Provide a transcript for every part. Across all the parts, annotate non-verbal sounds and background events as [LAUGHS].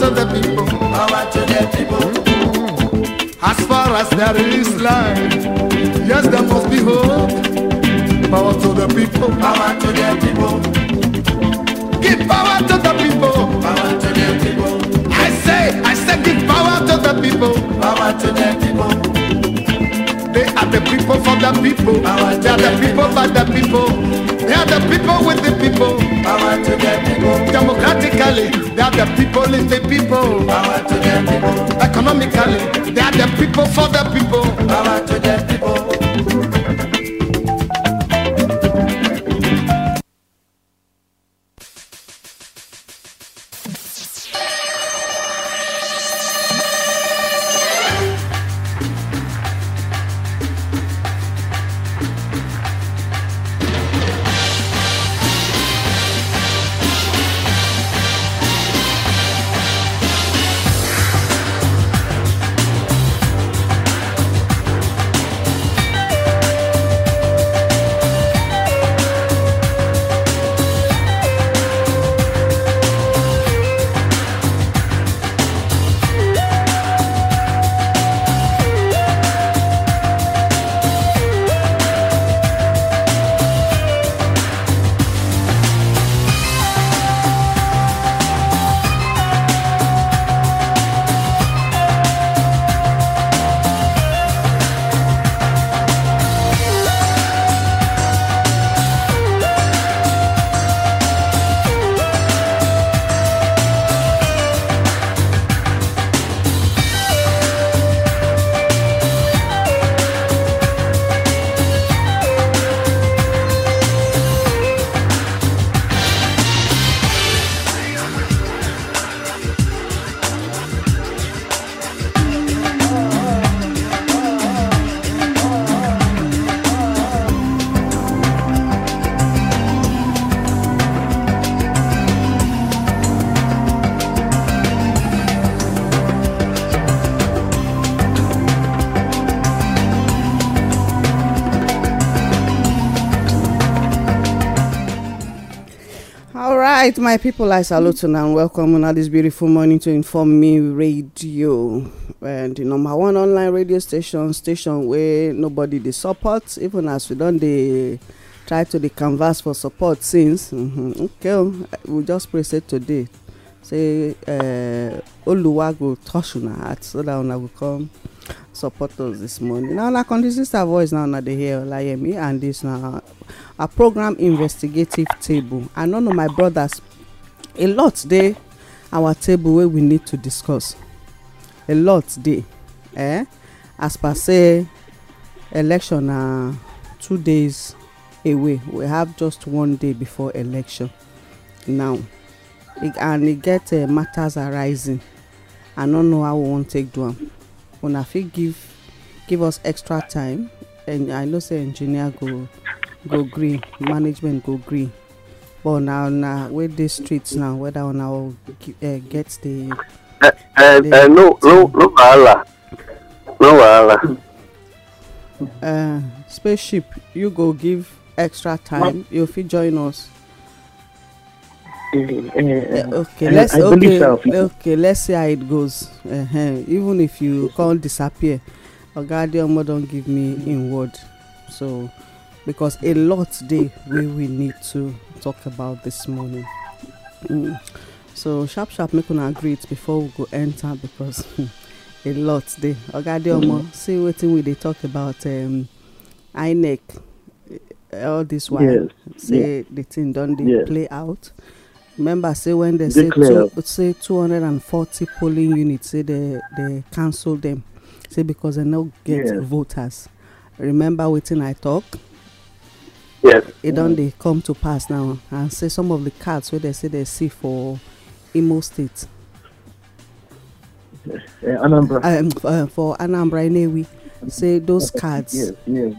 to the people. Power to the people. As far as there is life, yes, there must be hope. Power to the people. Power to the people. Give power to the people. Power to the people. I say, I say, give power to the people. Power to the people the people for the people. Power they are the people For the people. They are the people with the people. Power to the people. Democratically, they are the people is the people. Power to the people. Economically, they are the people for the people. Power to the people. my people, I salute you and welcome on this beautiful morning to Inform Me Radio. And uh, the number one online radio station, station where nobody they support, even as we don't they try to the canvas for support since. Mm-hmm. Okay, oh, we just press it today. Say, uh, Oluwa go touch una heart so that una will come support us this morning. Now, na country sister voice now, na they hear Olayemi and this now. a program investigative table i no know my brothers a lot dey our table wey we need to discuss a lot dey eh as per say election na two days away we have just one day before election now e, and e get uh, matters arising i no know how we wan take do am una fit give give us extra time and i know say engineer go go gree management go gree but na una wey dey street now whether una eh, get the. Eh, eh, no no no wahala no wahala. spaceship you go give extra time you fit join us. okay let's okay okay let's see how it goes even if you come disappear oga adeomo don give me im word so because a lot dey wey we need to Talk about this morning. Mm. So sharp sharp make una agree it before we go enter because hmm, a lot dey. Oga Adeomo mm. see wetin we they talk about um, INEC eh, all this while yes. say yes. the thing don They yes. play out. Remember say when they say two, say forty polling units say they they cancel them say because they no get yes. voters. Remember waiting. I talk yes it don dey come to pass now and say some of the cards wey dem say dem see for imo state eh, anambra um, uh, for anambra enewi say those [LAUGHS] cards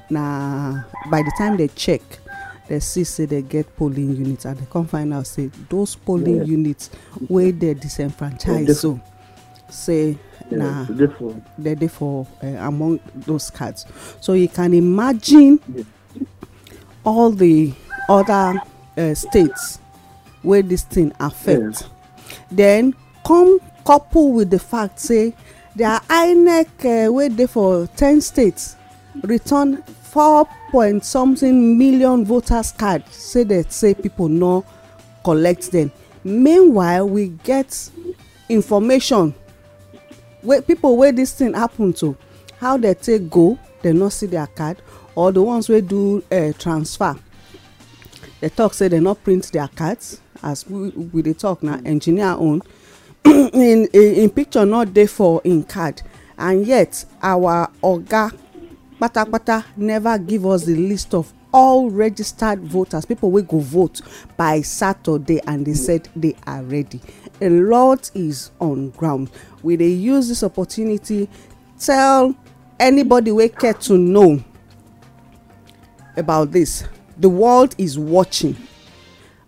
na by the time they check they see say they get polling units and they come find out say those polling units wey dey disenfranchised so say na they dey for eh, among those cards so you can imagine all the other uh, states wey dis thing affect yeah. then come couple with the fact say their inec uh, wey dey for ten states return four point something million voters card say that say people no collect them meanwhile we get information wey people wey this thing happen to how they take go they no see their card or the ones wey do uh, transfer dey talk say dem no print their cards as we we dey talk na hmm. engineer own [CLEARS THROAT] in, in picture no dey for im card and yet our oga patapata never give us the list of all registered voters people wey go vote by saturday and they said they are ready a lot is on ground we dey use this opportunity tell anybody wey care to know about this. The world is watching.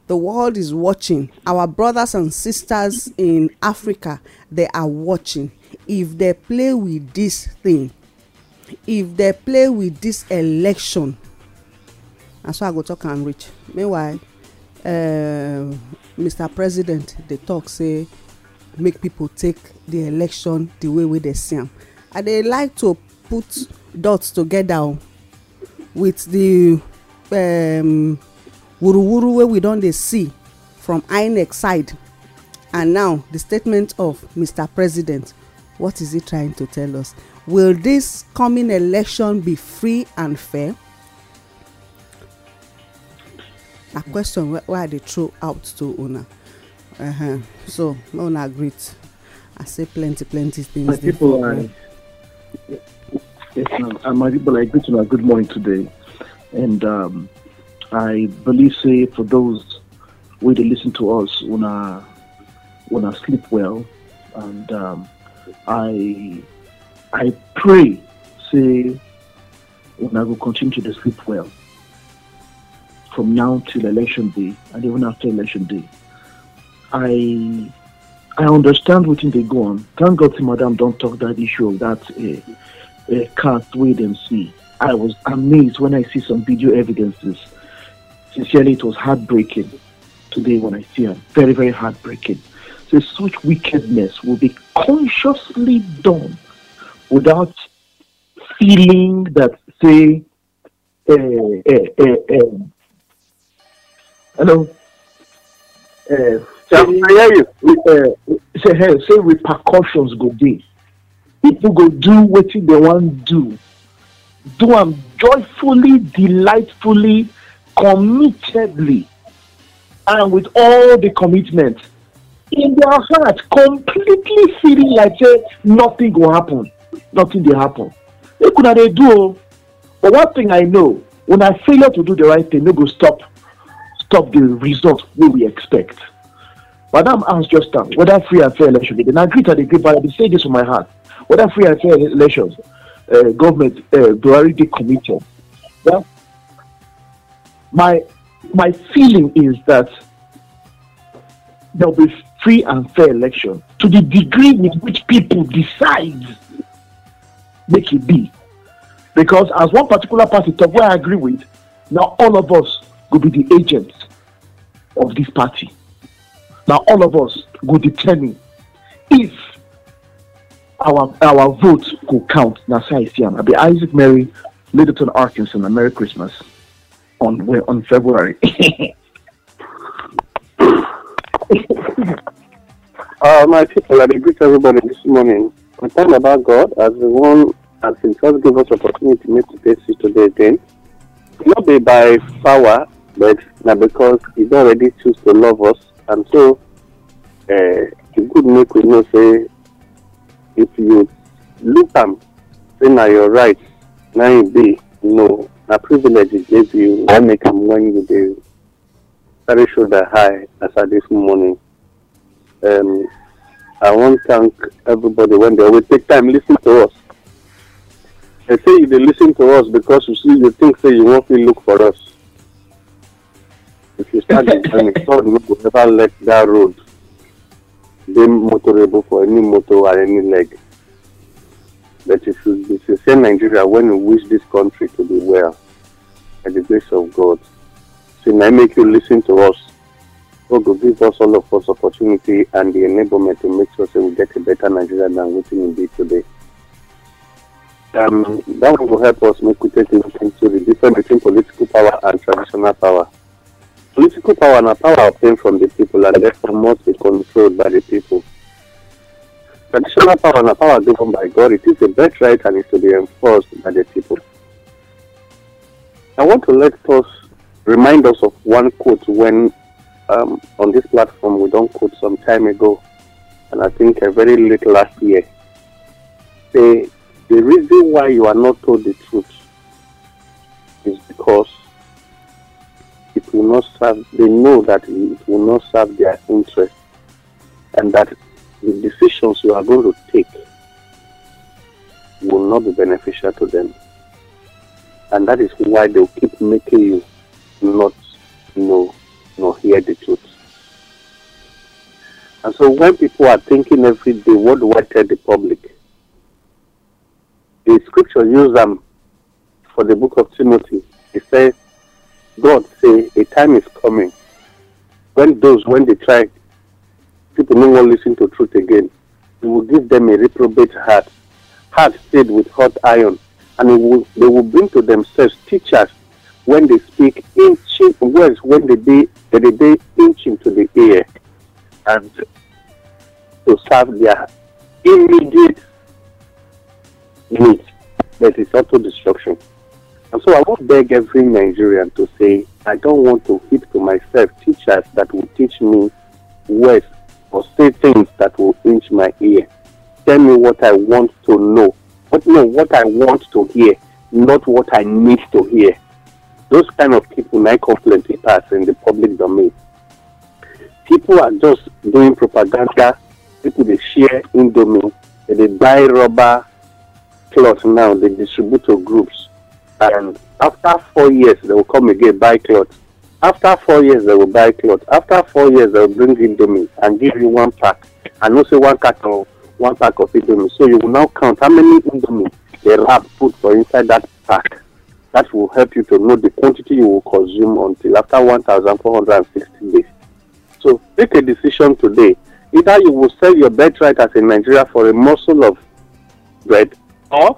The world is watching. Our brothers and sisters in Africa, they are watching. If they play with this thing, if they play with this election, and so I go talk and reach. Meanwhile, uh, um, Mr. President, they talk say make people take the election the way wey they see them. I they like to put dots together with the um, wuruwuru wey we don dey see from inec side and now the statement of mr president what is he trying to tell us will this coming election be free and fair na question wey i dey throw out to una uh -huh. so una greet i say plenty plenty things dey for me. Yes, ma'am. I'm Aribal Good morning today. And um, I believe, say, for those who they listen to us, when I, when I sleep well, and um, I, I pray, say, when I will continue to sleep well from now till election day and even after election day. I I understand what they go on. Thank God, Madam, don't talk that issue of that uh, uh, not wait and see. I was amazed when I see some video evidences. Sincerely, it was heartbreaking today when I see them. Very, very heartbreaking. So such wickedness will be consciously done without feeling that, say, uh, uh, uh, hello? Uh, say, I hear you. Eh, eh, say, hey, say repercussions go be People go do what they want to do do them joyfully delightfully committedly and with all the commitment in their heart completely feeling like say nothing will happen nothing will happen They can dey do but one thing i know when I fail to do the right thing no go stop stop the result we we expect But I'm asked just that. whether free and fair election dey I na greet the dey greet i dey say this from my heart whether free and fair elections, uh, government, uh, plurality committee. Well, my my feeling is that there'll be free and fair election to the degree with which people decide make it be. Because as one particular party talk where I agree with, now all of us will be the agents of this party. Now all of us will determine if our our vote go count. That's how I see him. I be Isaac Mary, Littleton, Arkansas. Merry Christmas on on February. [LAUGHS] uh, my people, I greet everybody this morning. We thank about God as the one as He first given us opportunity to meet today, see today again. Not be by power, but now because He already chose to love us, and so uh, the good news we know say if you look am say na your right na im be no na privilege e give you why make am when you dey carry shoulder high as at this morning um, i wan thank everybody wey dey always take time lis ten to us dey say you dey lis ten to us because you see you think say you wan fit look for us if you start [LAUGHS] the journey god no go ever let that road dey motorable for any motor or any leg. But if you, if you say Nigeria, when you wish this country to be well, by the grace of God, so now make you listen to us. God will give us all of us opportunity and the enablement to make sure that we get a better Nigeria than what it be today. Um, that will help us make we take a look into the difference between political power and traditional power. political power and power obtained from the people and therefore must be controlled by the people. Traditional power and power given by God, it is a right and is to be enforced by the people. I want to let us remind us of one quote when um, on this platform we don't quote some time ago, and I think a very late last year. Say the reason why you are not told the truth is because it will not serve, they know that it will not serve their interest and that the decisions you are going to take will not be beneficial to them. And that is why they'll keep making you not know nor hear the truth. And so when people are thinking every day, what do I tell the public? The scripture used them for the book of Timothy. It says, God say a time is coming when those, when they try, people no one listen to truth again. He will give them a reprobate heart, heart filled with hot iron, and will, they will bring to themselves teachers when they speak inching. words, when they be that they be ancient to the ear, and to serve their immediate needs. That is auto destruction. And so I would beg every Nigerian to say, I don't want to keep to myself teachers that will teach me words or say things that will inch my ear. Tell me what I want to know. But no, what I want to hear, not what I need to hear. Those kind of people my complain with us in the public domain. People are just doing propaganda. People they share in domain. They buy rubber cloth now. They distribute to groups um, after four years they will come again buy clothes. After four years they will buy clothes. After four years they will bring indomie and give you one pack and also one carton, one pack of indomie. So you will now count how many indomie they wrap put for inside that pack. That will help you to know the quantity you will consume until after 1,460 days. So make a decision today. Either you will sell your birthright as a Nigeria for a morsel of bread or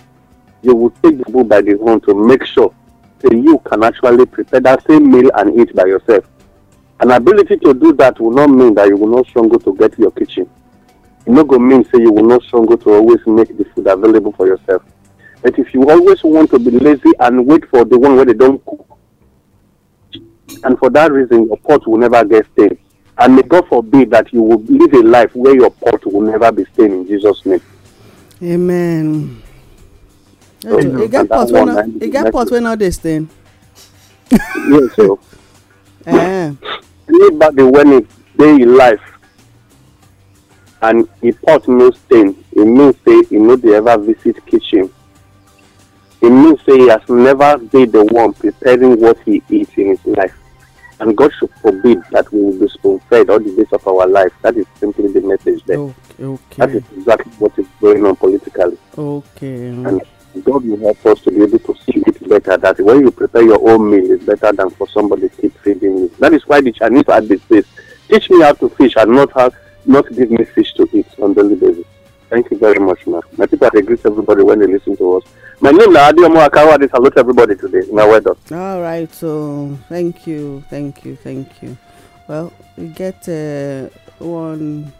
you will take the bull by the horn to make sure that you can actually prepare that same meal and eat by yourself. An ability to do that will not mean that you will not struggle to get your kitchen. It not go mean say you will not struggle to always make the food available for yourself. But if you always want to be lazy and wait for the one where they don't cook, and for that reason your pot will never get stained. And may God forbid that you will live a life where your pot will never be stained in Jesus' name. Amen e get pot wey no e get pot wey no dey stain. yes o. anybody when e dey in life and e pot no stain e mean say e no dey ever visit kitchen e mean say he has never been the one preparing what he eat in his life and God should forbid that we will be spoon fed all the days of our life. That is simply the message there. okay. That is exactly what is going on politically. Okay. And God will help us to be able to see it better that when you prepare your own meal, is better than for somebody to keep feeding you. That is why the Chinese had this says, teach me how to fish and not how, not give me fish to eat on daily basis. Thank you very much, ma'am. My people they greet everybody when they listen to us. My name is Adiomo Akawa. I salute everybody today. My weather. All right. So, thank you, thank you, thank you. Well, we get uh, one,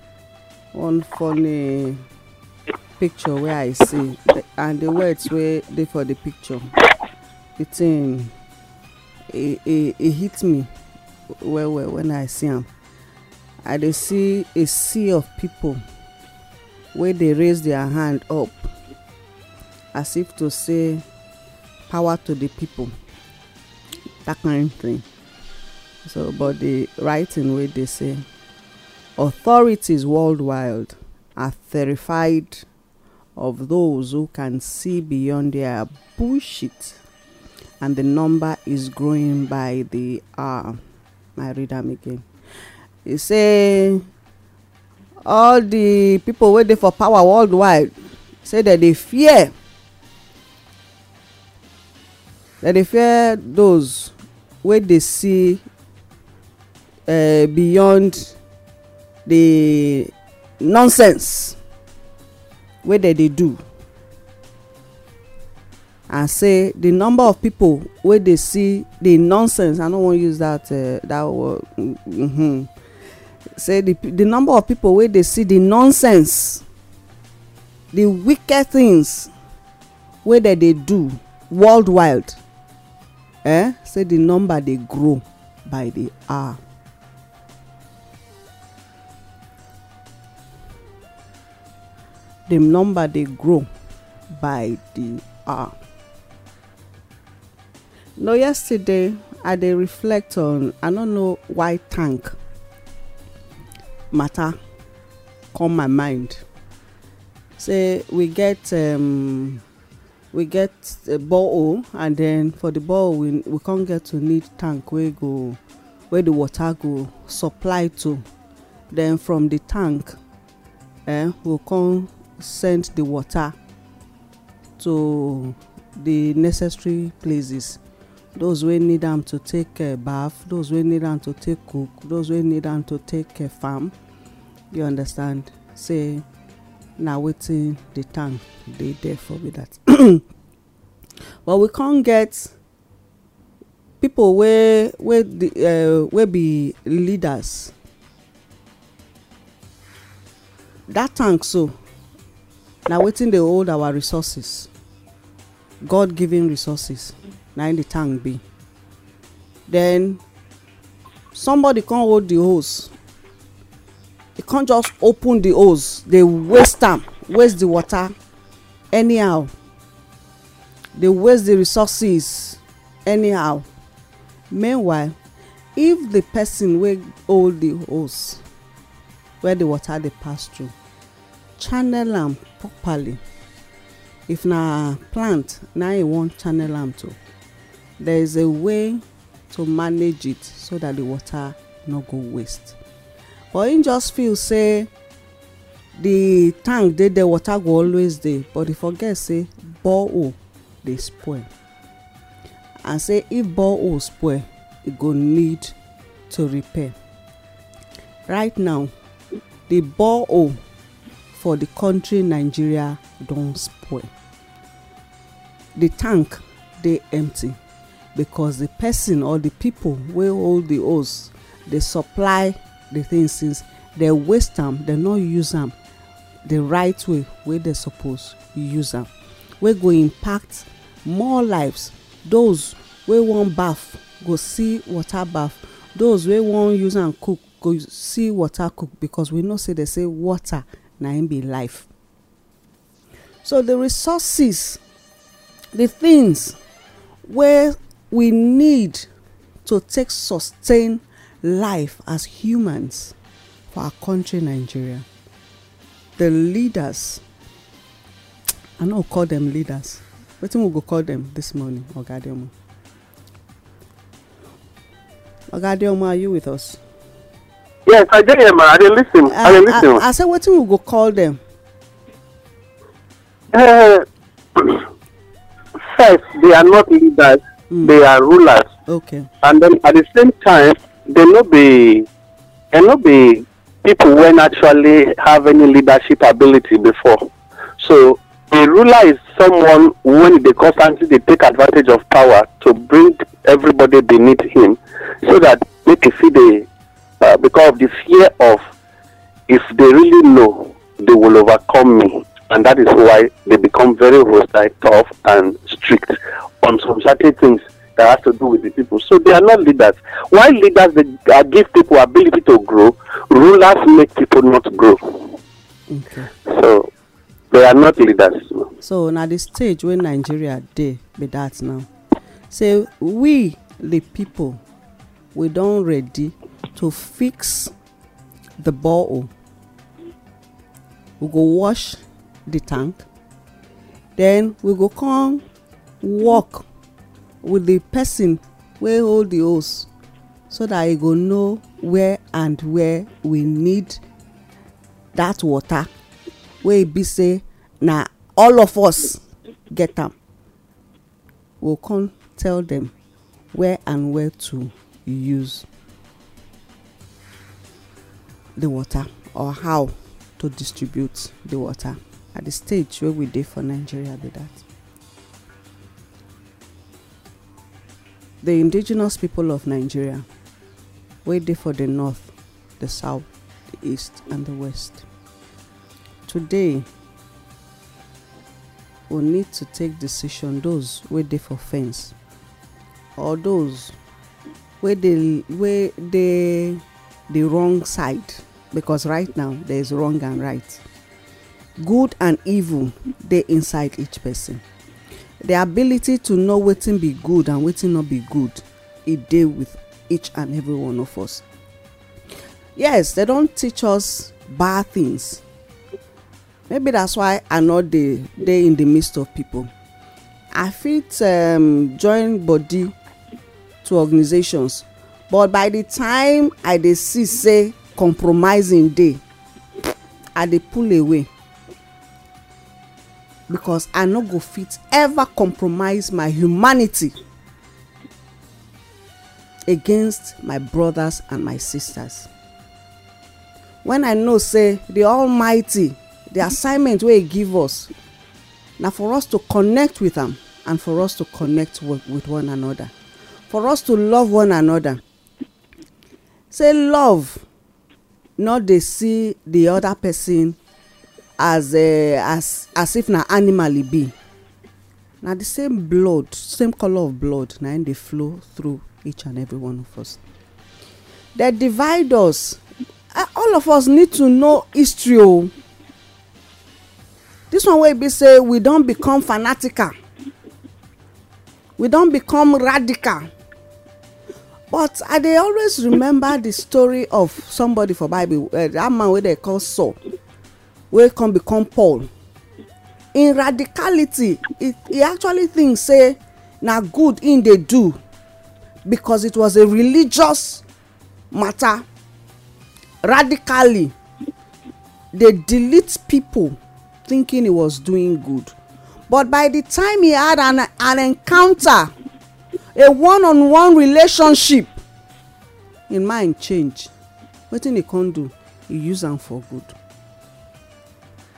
one funny picture wey i see and the words wey dey for the picture the thing e e e hit me well well when i see am i dey see a sea of people wey dey raise their hand up as if to say power to the people that kind of thing so but the writing wey dey say authorities worldwide are terrified of those who can see beyond their bullshit. And the number is growing by the hour. I read them again. He say all the people waiting for power worldwide say that they fear that they fear those wey dey see uh, beyond the nonsense wey dem dey do and say the number of people wey dey see the nonsense i no wan use that uh, that word mm-hmm. say the the number of people wey dey see the nonsense the wicked things wey dem dey do worldwide eh say the number dey grow by the hour the number they grow by the hour. Now, yesterday I dey reflect on I don't know why tank matter come my mind. Say we get um, we get a borehole and then for the borehole we we can't get to need tank Where go Where the water go supply to. Then from the tank eh, we we'll come send the water to the necessary places those wey need am to take uh, baff those wey need am to take cook those wey need am to take uh, farm you understand say na wetin the tank dey there for be that [COUGHS] but we come get people wey wey the uh, wey be leaders that tank so na wetin dey hold our resources god given resources na in the tank be then somebody come hold the hose e come just open the hose dey waste am waste the water anyhow dey waste the resources anyhow meanwhile if the person wey hold the hose where the water dey pass through channel am properly if na plant na you e wan channel am to there is a way to manage it so that the water no go waste but him just feel say the tank dey there water go always dey but he forget say borehole dey spoil and say if borehole spoil e go need to repair right now the borehole for the country nigeria don spoil the tank dey empty because the person or the people wey hold the hose dey supply the thing since dey waste am dey no use am the right way wey dey suppose use am wey go impact more lives those wey wan baff go see water baff those wey wan use am cook go see water cook because we know say they say water na im be life so the resources the things wey we need to take sustain life as humans for our country nigeria the leaders i no call them leaders wetin we go call them this morning oga adeomo oga adeomo are you with us yes i dey here ma i dey lis ten i dey lis ten. Uh, uh, i say wetin we go call dem. Uh, [CLEARS THROAT] first they are not leaders. Mm. they are rulers. okay. and then at the same time they no be they no be people wey naturally have any leadership ability before so a ruler is someone when they constantly dey take advantage of power to bring everybody beneath him so that make e fit dey uh, because of the fear of if they really know, they will overcome me. And that is why they become very hostile, tough, and strict on some certain things that has to do with the people. So they are not leaders. Why leaders they give people ability to grow, rulers make people not grow. Okay. So they are not leaders. So now the stage where Nigeria dey be that now. Say we the people we don't ready to fix the borehole we go wash the tank then we go come walk with the person wey hold the hose so that e go know where and where we need that water wey e be say na all of us get am we we'll come tell them where and where to use the water or how to distribute the water at the stage wey we dey for nigeria be that. the indigenous people of nigeria wey dey for the north the south the east and the west today we need to take decision those wey dey for fence or those wey dey wey dey the wrong side because right now there is wrong and right. Good and evil dey inside each person. The ability to know wetin be good and wetin no be good e dey with each and every one of us. Yes, they don teach us bad things. Maybe that's why I no dey dey in the midst of people. I fit um, join body to organizations but by the time i dey see say compromising dey i dey pull away because i no go fit ever compromise my humanity against my brothers and my sisters when i know say the almighty the assignment wey he give us na for us to connect with am and for us to connect with one another for us to love one another say love no dey see the other person as uh, as as if na animal e be na the same blood same color of blood na im dey flow through each and every one of us dey divide us uh, all of us need to know history o oh. this one wey e be say we don become fanatical we don become radical but i dey always remember the story of somebody for bible uh, that man wey dem call saul wey come become paul in radicality he actually think say na good im dey do because it was a religious matter radically dey delete people thinking he was doing good but by the time he had an an encounter a one on one relationship im mind change wetin e come do e use am for good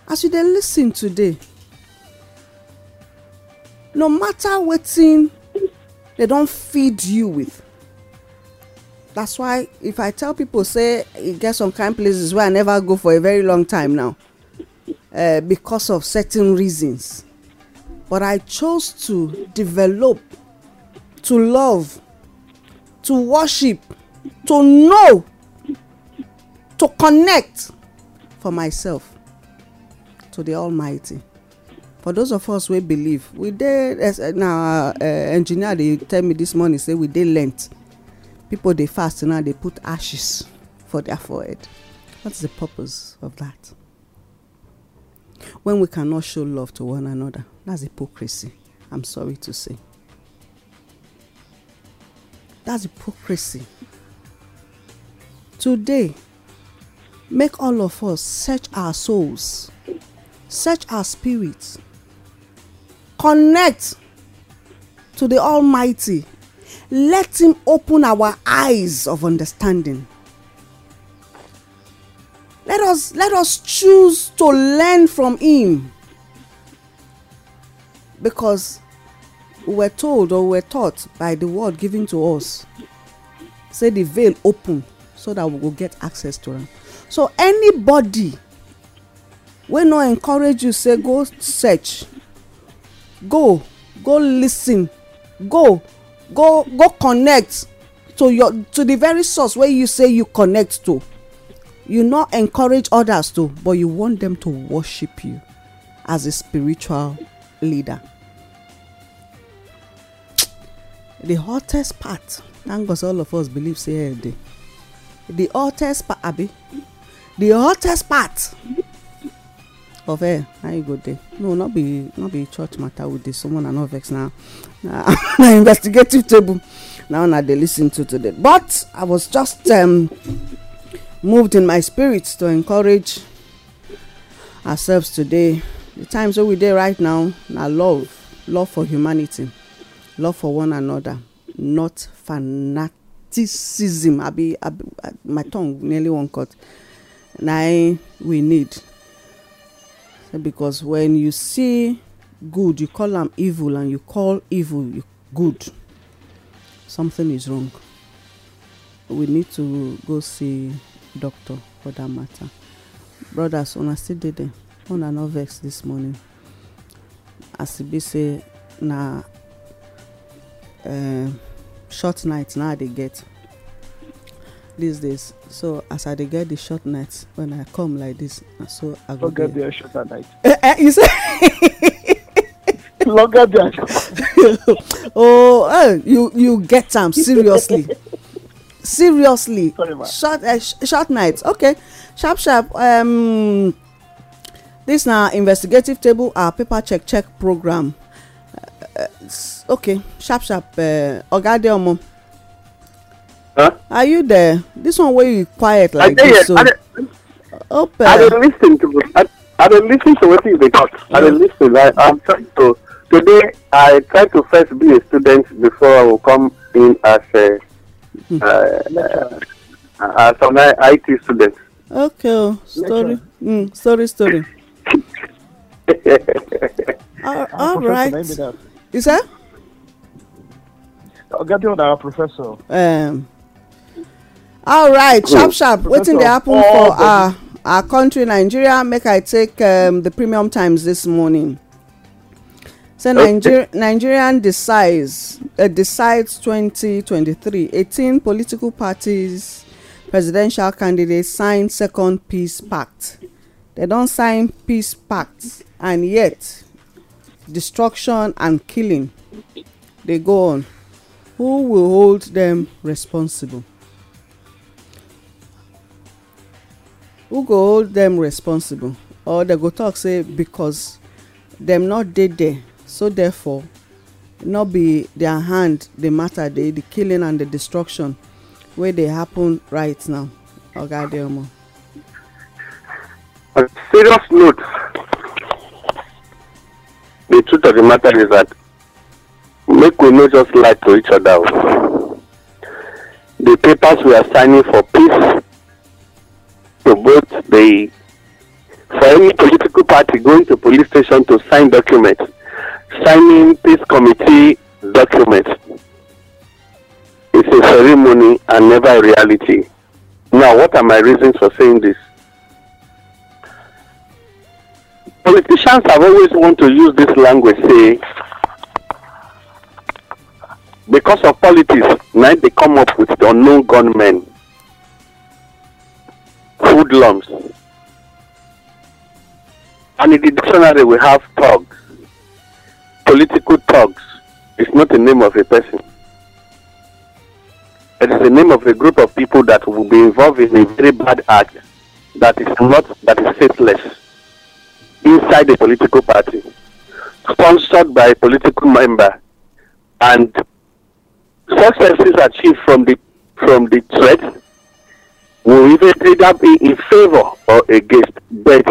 as you dey lis ten today no matter wetin dem don feed you with that's why if i tell people say e get some kind places wey i never go for a very long time now uh, because of certain reasons but i chose to develop to love to worship to know to connect for myself to the almighty for those of us wey believe we dey eh, na uh, engineer dey tell me this morning say we dey lent people dey fast now dey put ashes for their forehead what's the purpose of that when we cannot show love to one another that's hypocrisy i'm sorry to say That's hypocrisy. Today, make all of us search our souls, search our spirits, connect to the Almighty. Let Him open our eyes of understanding. Let us let us choose to learn from Him because we were told or we were taught by the word given to us say the veil open so that we will get access to them so anybody wey not encourage you say go search go go listen. go go go connect to your to the very source where you say you connect to you not encourage others to but you want them to worship you as a spiritual leader the hottest part thank God all of us believe say air eh, dey the hottest part abi the hottest part of air eh, na you go dey no no be no be church matter we dey someone na no vex now. na [LAUGHS] na investigative table na una dey lis ten to today but i was just um, moved in my spirit to encourage ourselves today the times wey we dey right now na love love for humanity love for one another not fanaticism abi abi my tongue nearly wan cut na we need because when you see good you call am evil and you call evil good something is wrong we need to go see doctor for that matter brothers una still dey there una no vex this morning as e be say na Um, short nights now they get these days so as i get the short nights when i come like this so i go get short shorter night. Eh, eh, you say. longer than. oh uh, you you get time seriously seriously short uh, sh- short nights. okay sharp sharp um, this now investigative table our paper check check program. Uh, uh, okay sharp sharp oga eh, adeomo huh? are you there this one wey you quiet like this so hope i dey eh. lis ten to i dey lis ten to wetin you dey talk i dey lis ten i am trying to today i try to first be a student before i go come in as a hmm. uh, as an IT student. okay o oh, story mm, story story. [LAUGHS] all, all right you say. Ogadiola, oh, Professor. Um, all right, sharp, sharp. Waiting they happen for oh, our, our country, Nigeria. Make I take um, the premium times this morning. So Niger- Nigerian decides uh, decides 2023. 18 political parties, presidential candidates sign second peace pact. They don't sign peace pact, and yet destruction and killing they go on. who will hold them responsible? Who go hold them responsible? Or they go talk say because them not did there, so therefore not be their hand the matter they the killing and the destruction where they happen right now oga adeomo. A serious note the truth of the matter is that make we no just lie to each other the papers we are signing for peace to both the for any political party going to police station to sign documents signing peace committee documents it's a ceremony and never a reality now what are my reasons for saying this politicians have always want to use this language say because of politics night they come up with the unknown gunmen hoodlums and in the dictionary we have thugs political thugs is not the name of a person it is the name of a group of people that will be involved in a very bad act that is not that is faithless inside a political party sponsored by a political member and Successes achieved from the from the threat will even either be in favor or against, but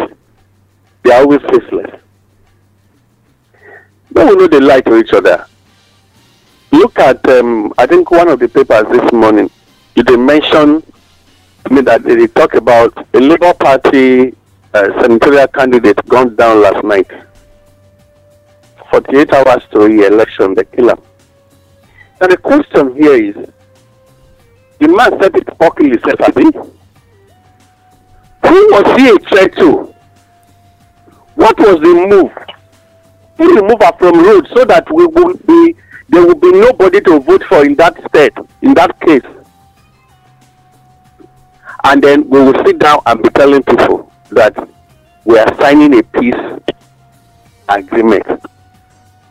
they are always faceless. Then we know they lie to each other. Look at, um, I think one of the papers this morning, they mention, I mean, that they talk about a Labour Party uh, senatorial candidate gunned down last night. 48 hours to re election, The killer. Now the question here is, the man said it publicly himself, Abi. Who was he a threat to? What was the move? He removed her from road so that we will be there will be nobody to vote for in that state, in that case. And then we will sit down and be telling people that we are signing a peace agreement.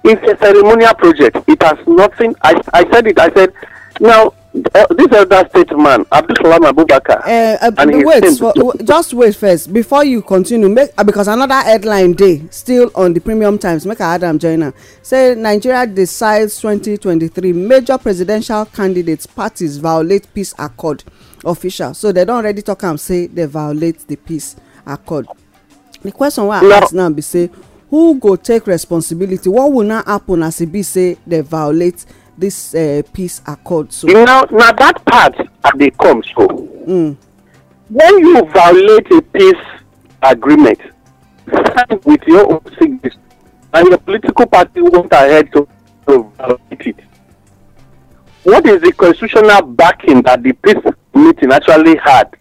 It's a ceremonial project. It has nothing. I, I said it. I said, now, uh, this elder statesman, Abdul Salam Abubakar. Uh, uh, and wait, for, just wait first. Before you continue, make, uh, because another headline day still on the Premium Times, make Adam join her. Say Nigeria decides 2023 major presidential candidates' parties violate peace accord. Official. So they don't already talk and say they violate the peace accord. The question why I no. ask now be say who go take responsibility what will now happen as e be say they violate dis uh, peace accord so now na dat part they come so mm. when you violate a peace agreement with your own signatures and your political party went ahead to violate it what is the constitutional backing that the peace meeting actually had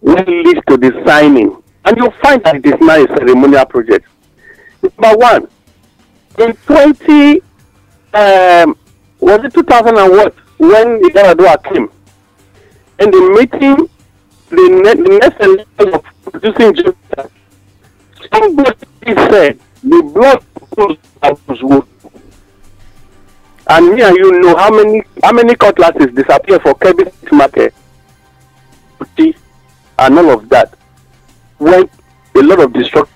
when it leads to the signing and you'll find that it is not a ceremonial project Number one, in 20, um, was it 2000 and what, when the Galadua came, in the meeting, the, ne- the next election of producing Jupiter, somebody said the blood was and me and you know how many how many cutlasses disappear for Kirby market, and all of that. When a lot of destruction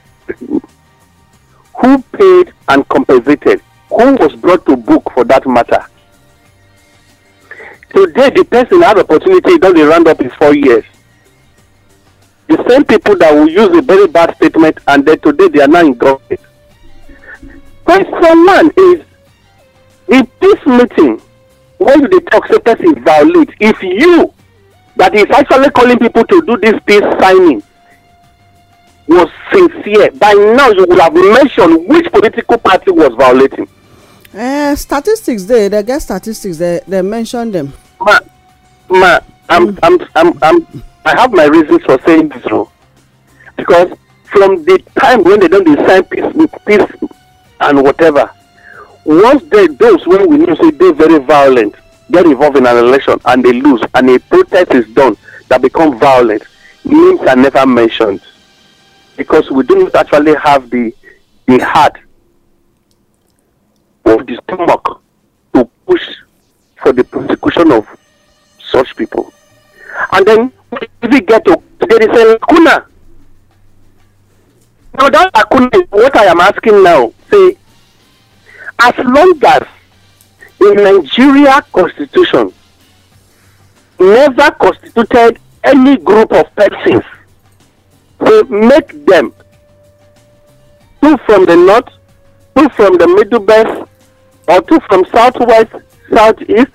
Who paid and compensated? Who was brought to book for that matter? Today, the person had opportunity, does the round up his four years. The same people that will use a very bad statement and then today they are now in government. Question one is, in this meeting, when the toxic person violate, if you that is actually calling people to do this peace signing, was sincere, by now you would have mentioned which political party was violating. Uh, statistics they they get statistics they they mention them. Ma, ma, I'm, mm. I'm, I'm, I'm, I have my reasons for saying this, though, because from the time when they don't sign peace, peace and whatever, once they those when we know say they very violent, get involved in an election and they lose, and a protest is done that become violent, names are never mentioned. because we did not actually have the the heart or the stomach to push for the prosecution of such people. And then if we get to there is a lacuna. Now that lacuna is what I am asking now. Say as long as the Nigeria constitution never constituted any group of persons will make them two from the north, two from the middle west, or two from southwest, southeast,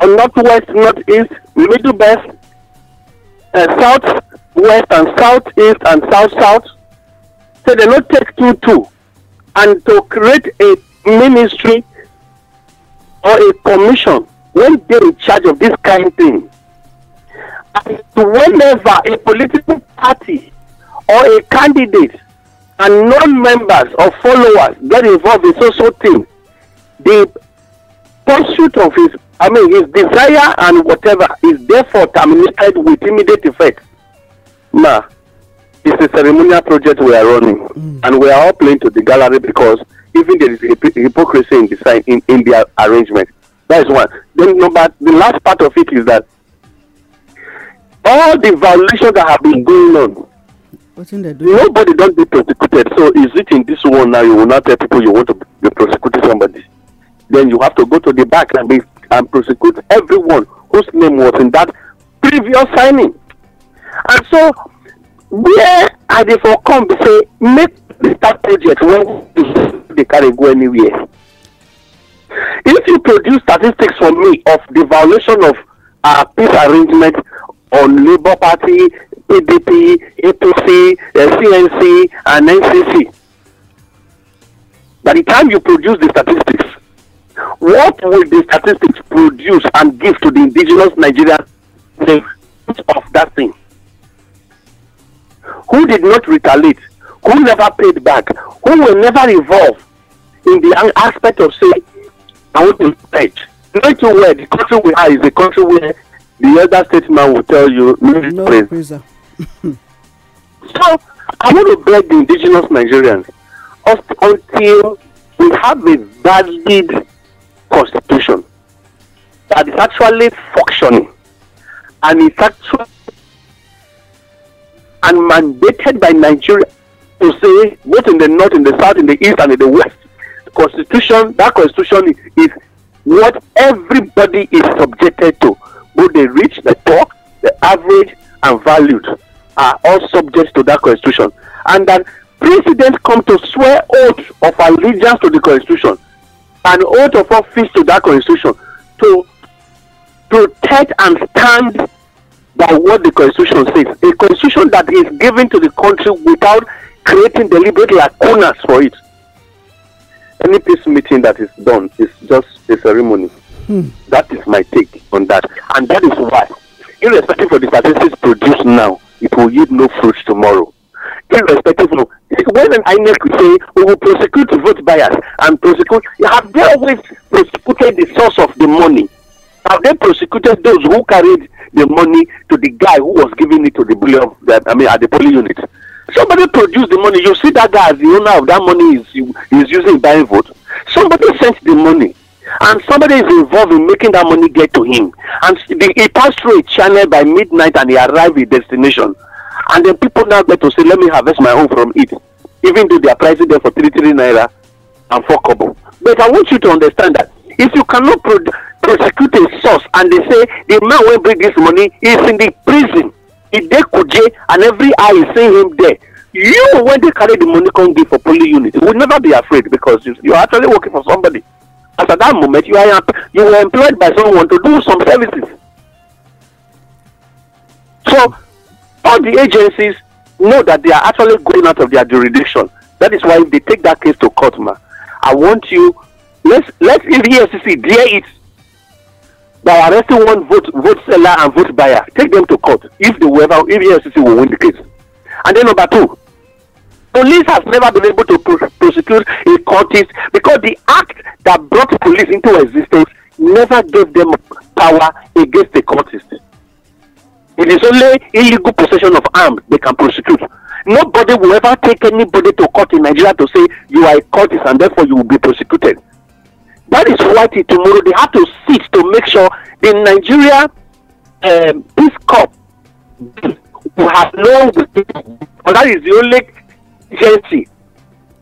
or northwest, northeast, middle west, uh, west, and southeast, and south south. So they not take two two, and to create a ministry or a commission when they're in charge of this kind thing. And whenever a political party or a candidate and non-members or followers get involved in social thing, the pursuit of his, I mean, his desire and whatever is therefore terminated with immediate effect. Ma, it's a ceremonial project we are running, mm. and we are all playing to the gallery because even there is hypocrisy in the sign in, in the arrangement. That is one. Then number the last part of it is that all the violations that have been going on nobody don't be prosecuted so is it in this one now you will not tell people you want to be prosecute somebody then you have to go to the back and be and prosecute everyone whose name was in that previous signing and so where are they for come be say make the start project when we dey go anywhere if you produce statistics for me of the violation of our uh, peace arrangement on labour party pdp apc cnc eh, and ncc by the time you produce the statistics what will the statistics produce and give to the indigenous nigerian of that thing who did not retaliate who never paid back who will never evolve in the aspect of say i want to pledge knowing too well the country we are is a country where the elder statesman will tell you no, no praise. [LAUGHS] so I want to beg the indigenous Nigerians until we have a valid constitution that is actually functioning and it's actually and mandated by Nigeria to say both in the north, in the south, in the east, and in the west. The constitution that constitution is what everybody is subjected to. Who the rich, the poor, the average, and valued are all subject to that constitution. And that presidents come to swear oath of allegiance to the constitution, an oath of office to that constitution, to protect and stand by what the constitution says. A constitution that is given to the country without creating deliberate lacunas for it. Any peace meeting that is done is just a ceremony. That is my take on that. And that is why, irrespective of the statistics produced now, it will yield no fruits tomorrow. Irrespective of when an INEC say we will prosecute vote buyers and prosecute, have they always prosecuted the source of the money? Have they prosecuted those who carried the money to the guy who was giving it to the bully of bullion, I mean, at the polling unit? Somebody produced the money. You see that guy as the owner of that money is is using buying vote. Somebody sent the money and somebody is involved in making that money get to him and the, he passed through a channel by midnight and he arrived at destination and then people now get to say let me harvest my own from it even though they are pricing them for three three naira and four kobo but i want you to understand that if you cannot pro prosecute a source and they say the man wey bring this money is in the prison he dey kuje and every eye is seeing him there you when they carry the money come give for police unit you will never be afraid because you, you are actually working for somebody as at that moment you are you were employed by someone to do some services so all the agencies know that they are actually going out of their jurisdiction that is why they take that case to court ma i want you let's let if efcc dare it by arresting one vote vote seller and vote buyer take them to court if they were if efcc will win the case and then number two police has never been able to pr- prosecute a cultist because the act that brought police into existence never gave them power against the cultist. It is only illegal possession of arms they can prosecute. Nobody will ever take anybody to court in Nigeria to say you are a cultist and therefore you will be prosecuted. That is why tomorrow they have to sit to make sure the Nigeria um, Peace Corps will have no. But that is the only agency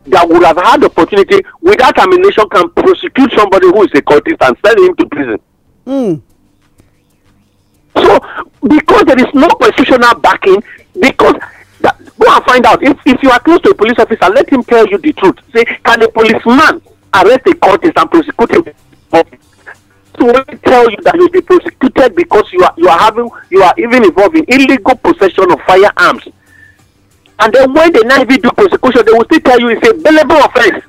that would have had the opportunity without termination can prosecute somebody who is a cultist and send him to prison. Mm. So, because there is no constitutional backing, because that, go and find out if, if you are close to a police officer, let him tell you the truth. Say, can a policeman arrest a cultist and prosecute him? To tell you that you'll be prosecuted because you are you are having you are even involved in illegal possession of firearms and then when they now even do prosecution they will still tell you it's a billable offence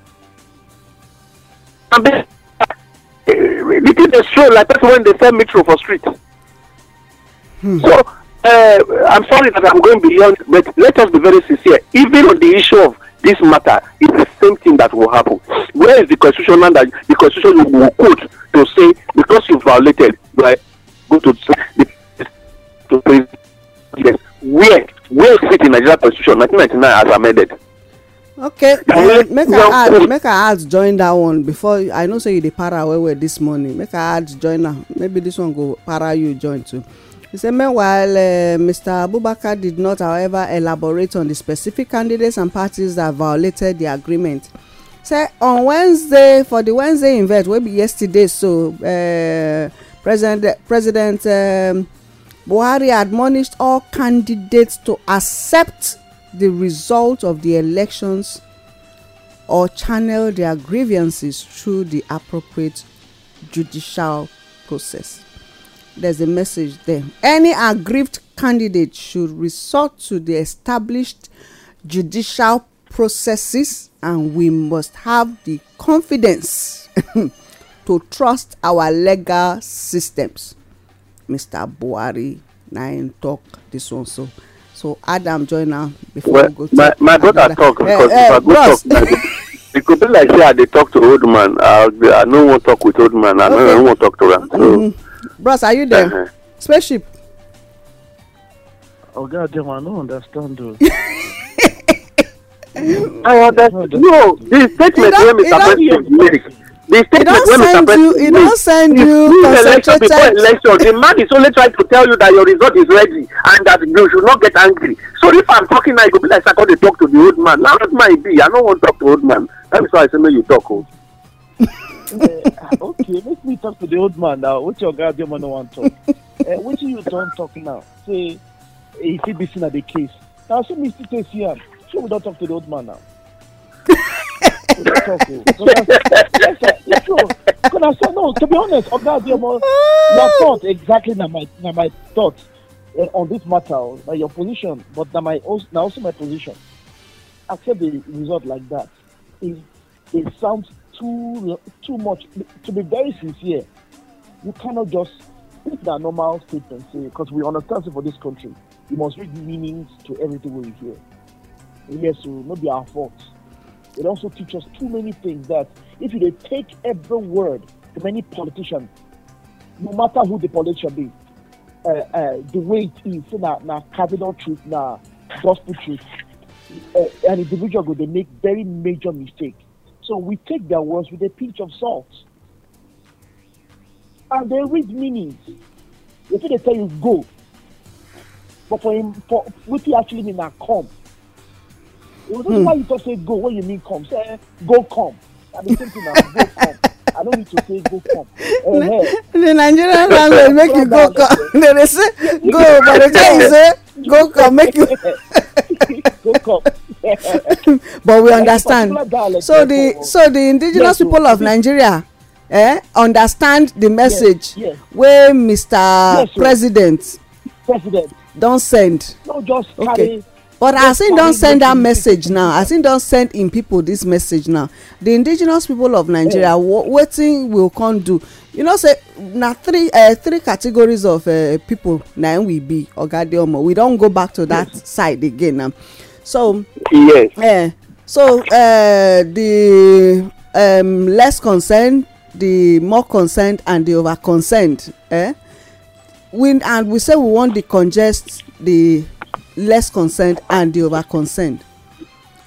and then uh, the thing dey show like person when dey sell meat for street hmm. so uh, i'm sorry that i'm going beyond but let us be very sincere even on the issue of this matter it's the same thing that will happen where is the constitution now that the constitution will quote to say because you violated you go to the Nigerian constitution 1999 as amended. okay uh, make i add make i add join that one before i know say you dey para well well dis morning make i add join am maybe this one go para you join too he say meanwhile uh, mr abubakar did not however elaborate on the specific candidates and parties that violated the agreement say on wednesday for the wednesday event wey be yesterday so uh, president president um, Buhari admonished all candidates to accept the result of the elections or channel their grievances through the appropriate judicial process. There's a message there. Any aggrieved candidate should resort to the established judicial processes, and we must have the confidence [LAUGHS] to trust our legal systems. mr buhari na him talk this one so so adam join am before well, we go my, my brother talk eh, because uh, uh, if eh, i go bros. talk e go be like say i dey talk to old man i, I no wan talk with old man i okay. no, no wan talk to am so. Mm -hmm. bros are you there uh -huh. spaceship. oga dem i no understand o. [LAUGHS] i understand no the statement wey mr president make the statement wey mr president make you. pre-election before election the man is only trying to tell you that your result is ready and that you should not get angry so if i'm talking now e go be like say i come dey talk to the old man na old man e be i no wan talk to old man that is why i say make you talk o. uh, [LAUGHS] okay make me talk to the old man now Which your oga adeoma no wan talk uh, eh, wetin you don talk now say eh, he fit be seen na the case na so me still take see am so we don talk to the old man now. Because I said, no, to be honest, Oga that your thought exactly na my, na my thought on this matter, by your position, but na, my, now also my position. Accept the result like that. It, it sounds too too much. To be very sincere, you cannot just put that normal statement, say, because we understand for this country, you must read meanings to everything we hear. Yes, it will not be our fault. It also teaches too many things that if you take every word from any politician, no matter who the politician be, uh, uh, the way it is, so now, now cardinal truth, now gospel truth, uh, an individual go they make very major mistake. So we take their words with a pinch of salt. And they read meanings. If they tell you go, but for him, for what he actually mean, I come. Well, mm. why you hmm. just say go when you mean come. Say go come. I mean same thing now. Go come. I don't need to say go come. Uh, the, Nigerian [LAUGHS] language make you go come. [LAUGHS] they say go, but the time you say go come make you [LAUGHS] go come. but we understand. So the so the indigenous yes, people of Nigeria eh, understand the message yes, yes. wey Mr. Yes, President, President don send. No just carry okay but as im don send that message now as im don send im people this message now The indigenous people of nigeria oh. wetin we come do you know say na three eh, three categories of eh, people. na im we be oga omo we don go back to dat side again now so yes eh, so the um, less concerned the more concerned and the over concerned eh we and we say we wan decongest the less concerned and the over concerned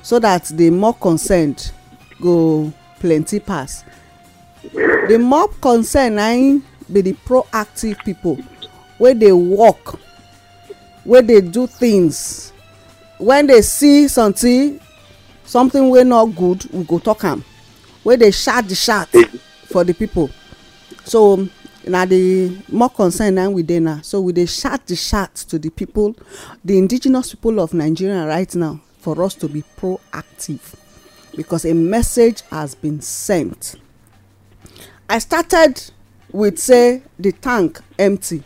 so that the more concerned go plenty pass the more concerned na im be the proactive people wey dey work wey dey do things when they see something something wey no good we go talk am wey dey shout the shout for the people so na the more concern na we dey now so we dey shout the shout to the people the indigenous people of nigeria right now for us to be proactive because a message has been sent i started with say the tank empty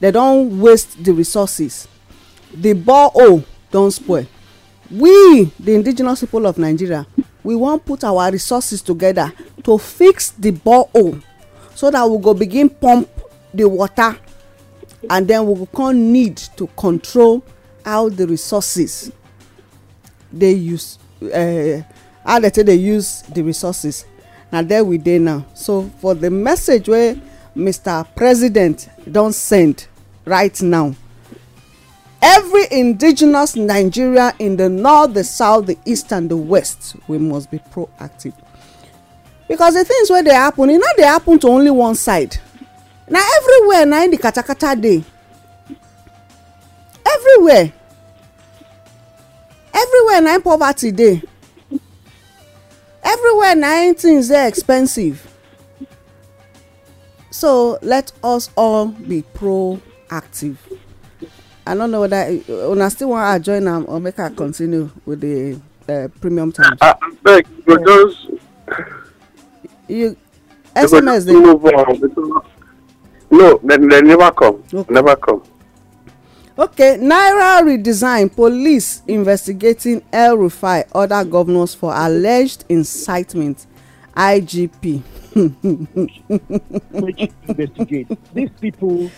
they don waste the resources the borehole don spoil we the indigenous people of nigeria we wan put our resources together to fix the borehole so that we go begin pump the water and then we go come need to control how the resources dey use uh, how they take dey use the resources na there we dey now so for the message wey mr president don send right now every indigenous nigeria in the north the south the east and the west we must be proactive because the things wey dey happen e no dey happen to only one side na everywhere na in the katakata dey everywhere everywhere na in poverty dey everywhere na im things dey expensive so let us all be proactive i no know whether una still wan add join am or make i continue with the uh, premium times. abeg go just you sms them. move on no they they never come okay. never come. okay naira redesign police investigating el rufai other governors for alleged incitement igp. which investigate these people.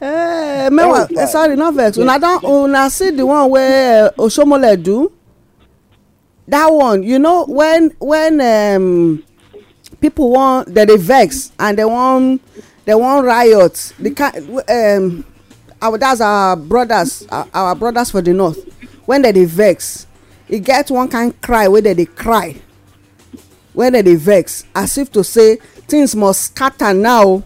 Eh, meanwhile uh, sorry not vex When I don't when I see the one where uh, eh, osomole do that one you know when when um, people wan dem dey vex and dem wan dem wan riot the kind um, our that's our brothers our, our brothers for the north when dem dey vex e get one kind cry wey dem dey cry when dem dey vex as if to say things must scatter now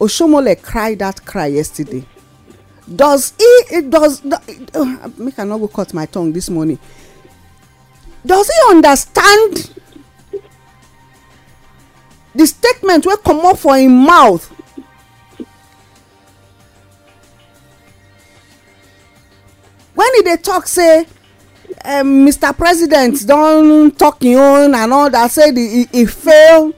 osomole cry that cry yesterday does he it does uh, make i no go cut my tongue this morning does he understand The statement wey comot for im mouth When e dey talk say mr um, president don talk im own and all that," say e fail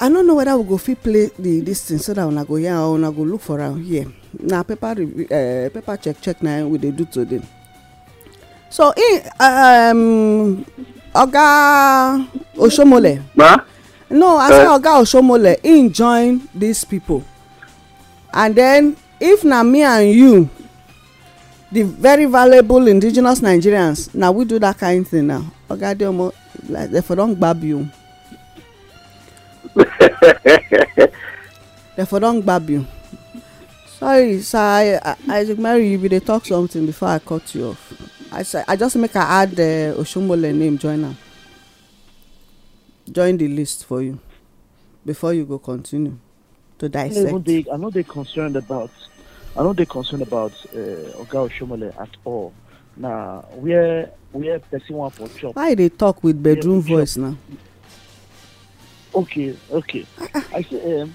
i no know whether we go fit play the this thing so that una go hear or una go look for am here na paper uh, paper check check na we dey do today so im um, oga osomole no i say oga eh. osomole He join these people. and then, if na me and you the very valuable indigenous nigerians na we do that kind thing now oga adeomo dem for don gbab you dem for don gbab you sorry sir isaac mary you be dey talk something before i cut you off I I just make her add uh, Oshomole name join am join the list for you before you go continue to dissect. No, they, I know they're concerned about I know they're concerned about uh, Oga Oshomole at all. na where where person wan for chop. why they talk with bedroom voice now. okay okay ah, ah. i say um,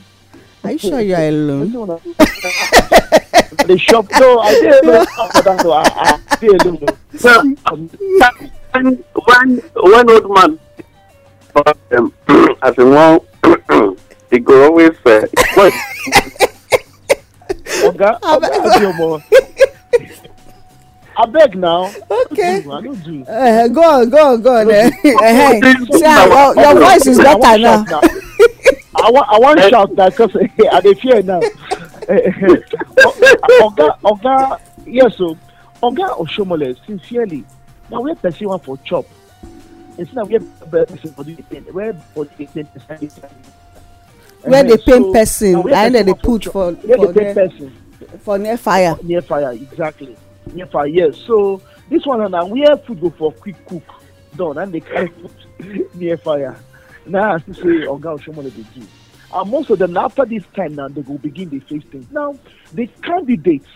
Are you sure you are alone? [LAUGHS] the shop. No, I didn't know that. So I, I stay alone. So, um, one, one old man, but um, [CLEARS THROAT] as a one, [CLEARS THROAT] he go always. Uh, what? Oga, [LAUGHS] Oga, I beg now. Okay. I Uh, go on, go on, go on. Uh, hey, Your, your voice is better now. I want I want eh. shout that because [LAUGHS] I dey fear now. Eh, eh, oga Oga yes o Oga Oshomole, sincerely na where person wan for chop instead of where person for dey pain where body dey pain person dey pain. Where dey pain person na im dem dey put for for near for near fire. Near fire exactly near fire yes so this one na where food go for quick cook done and dey carry food [LAUGHS] near fire. Now, as you say, oh God, someone they do. And most of them, after this time now, they will begin to face things. Now, the candidates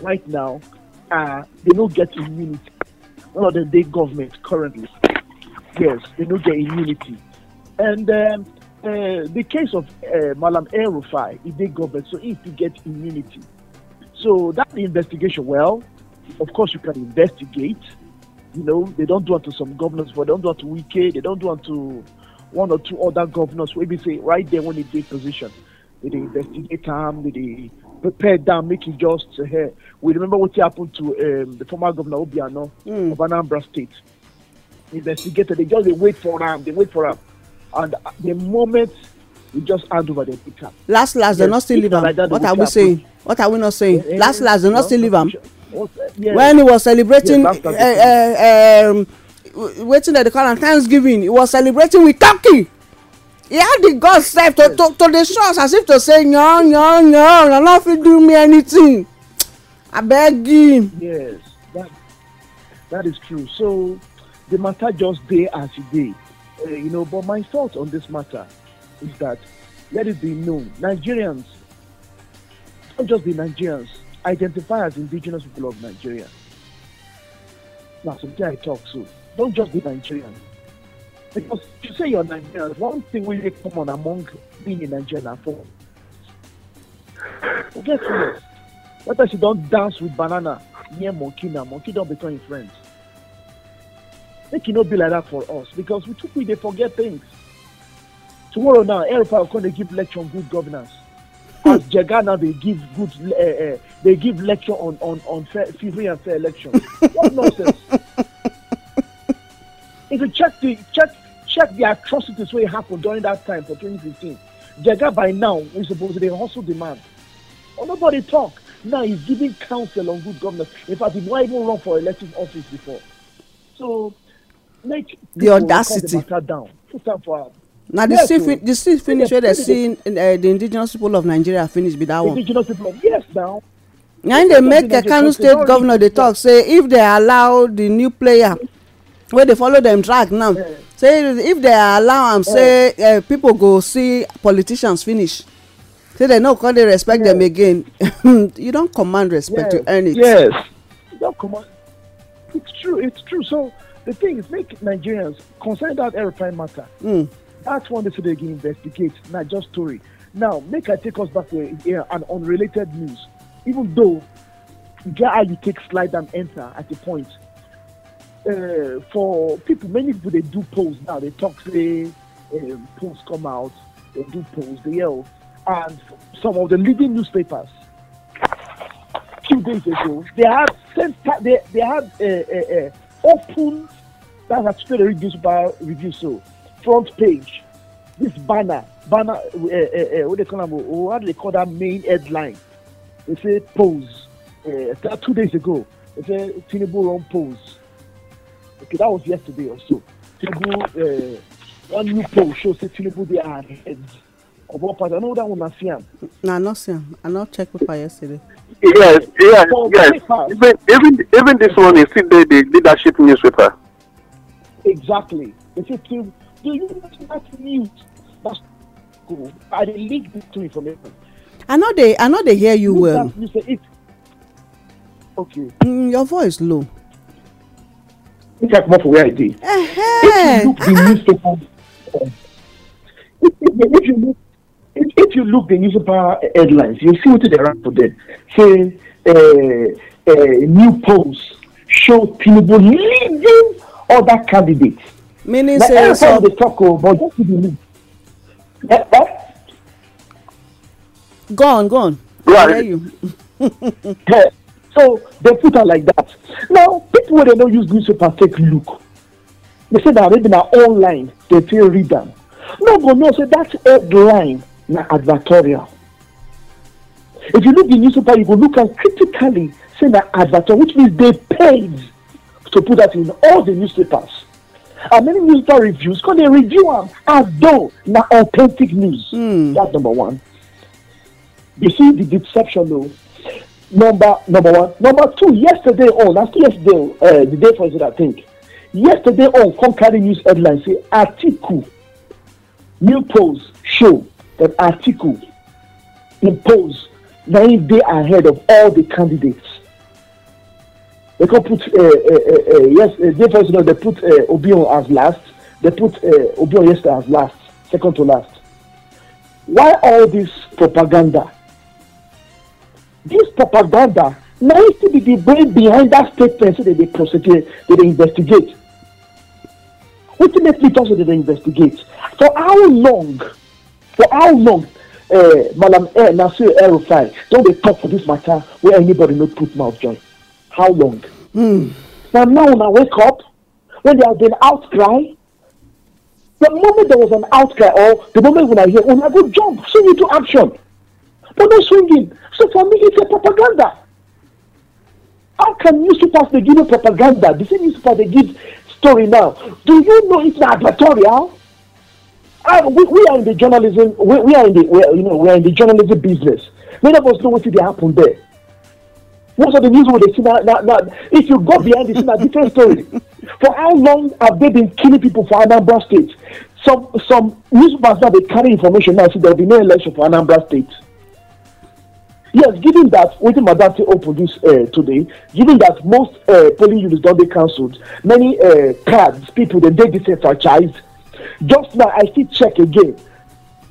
right now, uh, they don't get immunity. One of them, they government currently. Yes, they don't get immunity. And um, uh, the case of uh, Malam Erufai, if they government, so if you get immunity. So that investigation, well, of course you can investigate. You know, they don't do it to some governors, but they don't do it to Wike, they don't do it to one or two other governors will be say right there when they take position they dey investigate am they prepare them, make just uh, we remember what happened to um, the former governor obiano mm. of anambra state Investigated, they just they wait for them, they wait for them, and uh, the moment we just hand over the pick up. last last they're not still living. am what are we saying what are we not saying last last they're not still living. am uh, when he was celebrating. Yeah, uh, uh, um, Waiting at the call am thanksgiving he was celebrating with turkey he had the God saved to to to dey shout as if to say "No, yan yan not no fit do me anything abeg him. yes that that is true so the matter just dey as e dey uh, you know but my thought on this matter is that let it be known nigerians not just be nigerians identify as indigenous people of nigeria na something i talk so don't just be Nigerian. Because you say you're Nigerian, one thing really common among being in Nigeria for. foreign. Well, what? Whether don't dance with banana near monkey now, monkey don't become friends. They Make it not be like that for us because we too we they forget things. Tomorrow now, are going to give lecture on good governance. As Jega now they give good, uh, uh, they give lecture on on on fair, free and fair elections. what nonsense! If you check the check check the atrocities wey happen during that time for 2015, Jega by now is supposed to be hustle demand. But oh, nobody talk. Now he's giving counsel on good governance. In fact, he might even run for elective office before. So make the audacity the down. Put them for na the yes, still oh. the still finish yes, wey dey see uh, the indigenous people of nigeria finish be that one. indigenous people of yes now. na im dey make kano state governor dey talk say if they allow the new player wey dey follow dem track now say if they allow am say uh, pipo go see politicians finish say dem no can dey respect dem again [LAUGHS] you don command respect to earn it yes you don command it's true it's true so the thing is make nigerians concern that airplane matter hmm. That's one they say dey investigate na just story now make i take us back to an unrelated news even though get how you take slide and enter at a point uh, for people, many people they do polls now. They talk, say um, polls come out, they do polls, they yell, and some of the leading newspapers few days ago they had sent they they had uh, uh, uh open that's still a review by review so front page this banner banner what they call them what do they call that main headline they say pose. uh, two days ago they say Tinubu on pose. okay that was yesterday or so tinubu uh, one new poll show say tinubu dey ahead of all parties i know that one na see am. na i no see am i no check paper yesterday. yes yes For yes even, even even this one is still dey the leadership newspaper. exactly they say tinubu do you know that news that's cool i dey leak this to information. i no dey i no dey hear you well. okay. Mm, your voice low. make I for where I If you look the newspaper, if, if you look if, if you look the newspaper headlines, you see what they write for there. Say uh, uh, new polls show Tinubu leading other candidates. Meaning, say every the talk oh, but just to be me. Eh, go on, go on. Right. I hear you. [LAUGHS] So they put her like that. Now, people when they don't use newspaper take look. They say that maybe now online, they feel read them. No, but no, so that's headline, na advertorial. If you look the newspaper, you go look and critically say that advertorial, which means they paid to put that in all the newspapers. And many newspaper reviews, because they review them as though na authentic news. Mm. That's number one. You see the deception though number number one. Number two, yesterday on, that's yesterday, uh, the day for it, I think. Yesterday on, Concari News headline say new polls show that article, impose nine day ahead of all the candidates. They put, uh, uh, uh, uh, yes, uh, they, first, they put uh, as last, they put uh, Obion yesterday as last, second to last. Why all this propaganda? this propaganda now it be the brain behind that statement that they dey prosecute they dey investigate Ultimately, just so they dey investigate for how long for how long uh, madam eh, nasiru do don dey talk for this matter wey anybody no put mouth join how long. Mm. na now una wake up when there has been outcry the moment there was an outcry or the moment una hear una oh, go jump so you do action but not swinging. So for me, it's a propaganda. How can you surpass the given propaganda? The same for the good story now. Do you know it's an advertorial? I, we, we, are in the journalism. We, we are in the we are, you know we are in the journalism business. Many of us know what did happen there. Most of the news what they see now, now, if you go behind the scene, a different story. For how long have they been killing people for Anambra State? Some some newspapers now they carry information now. See, there will be no election for Anambra State. Yes, given that waiting Madam T.O. produce uh, today, given that most uh, polling units don't be cancelled, many uh, cards, people, they did disenfranchised. Just now, I still check again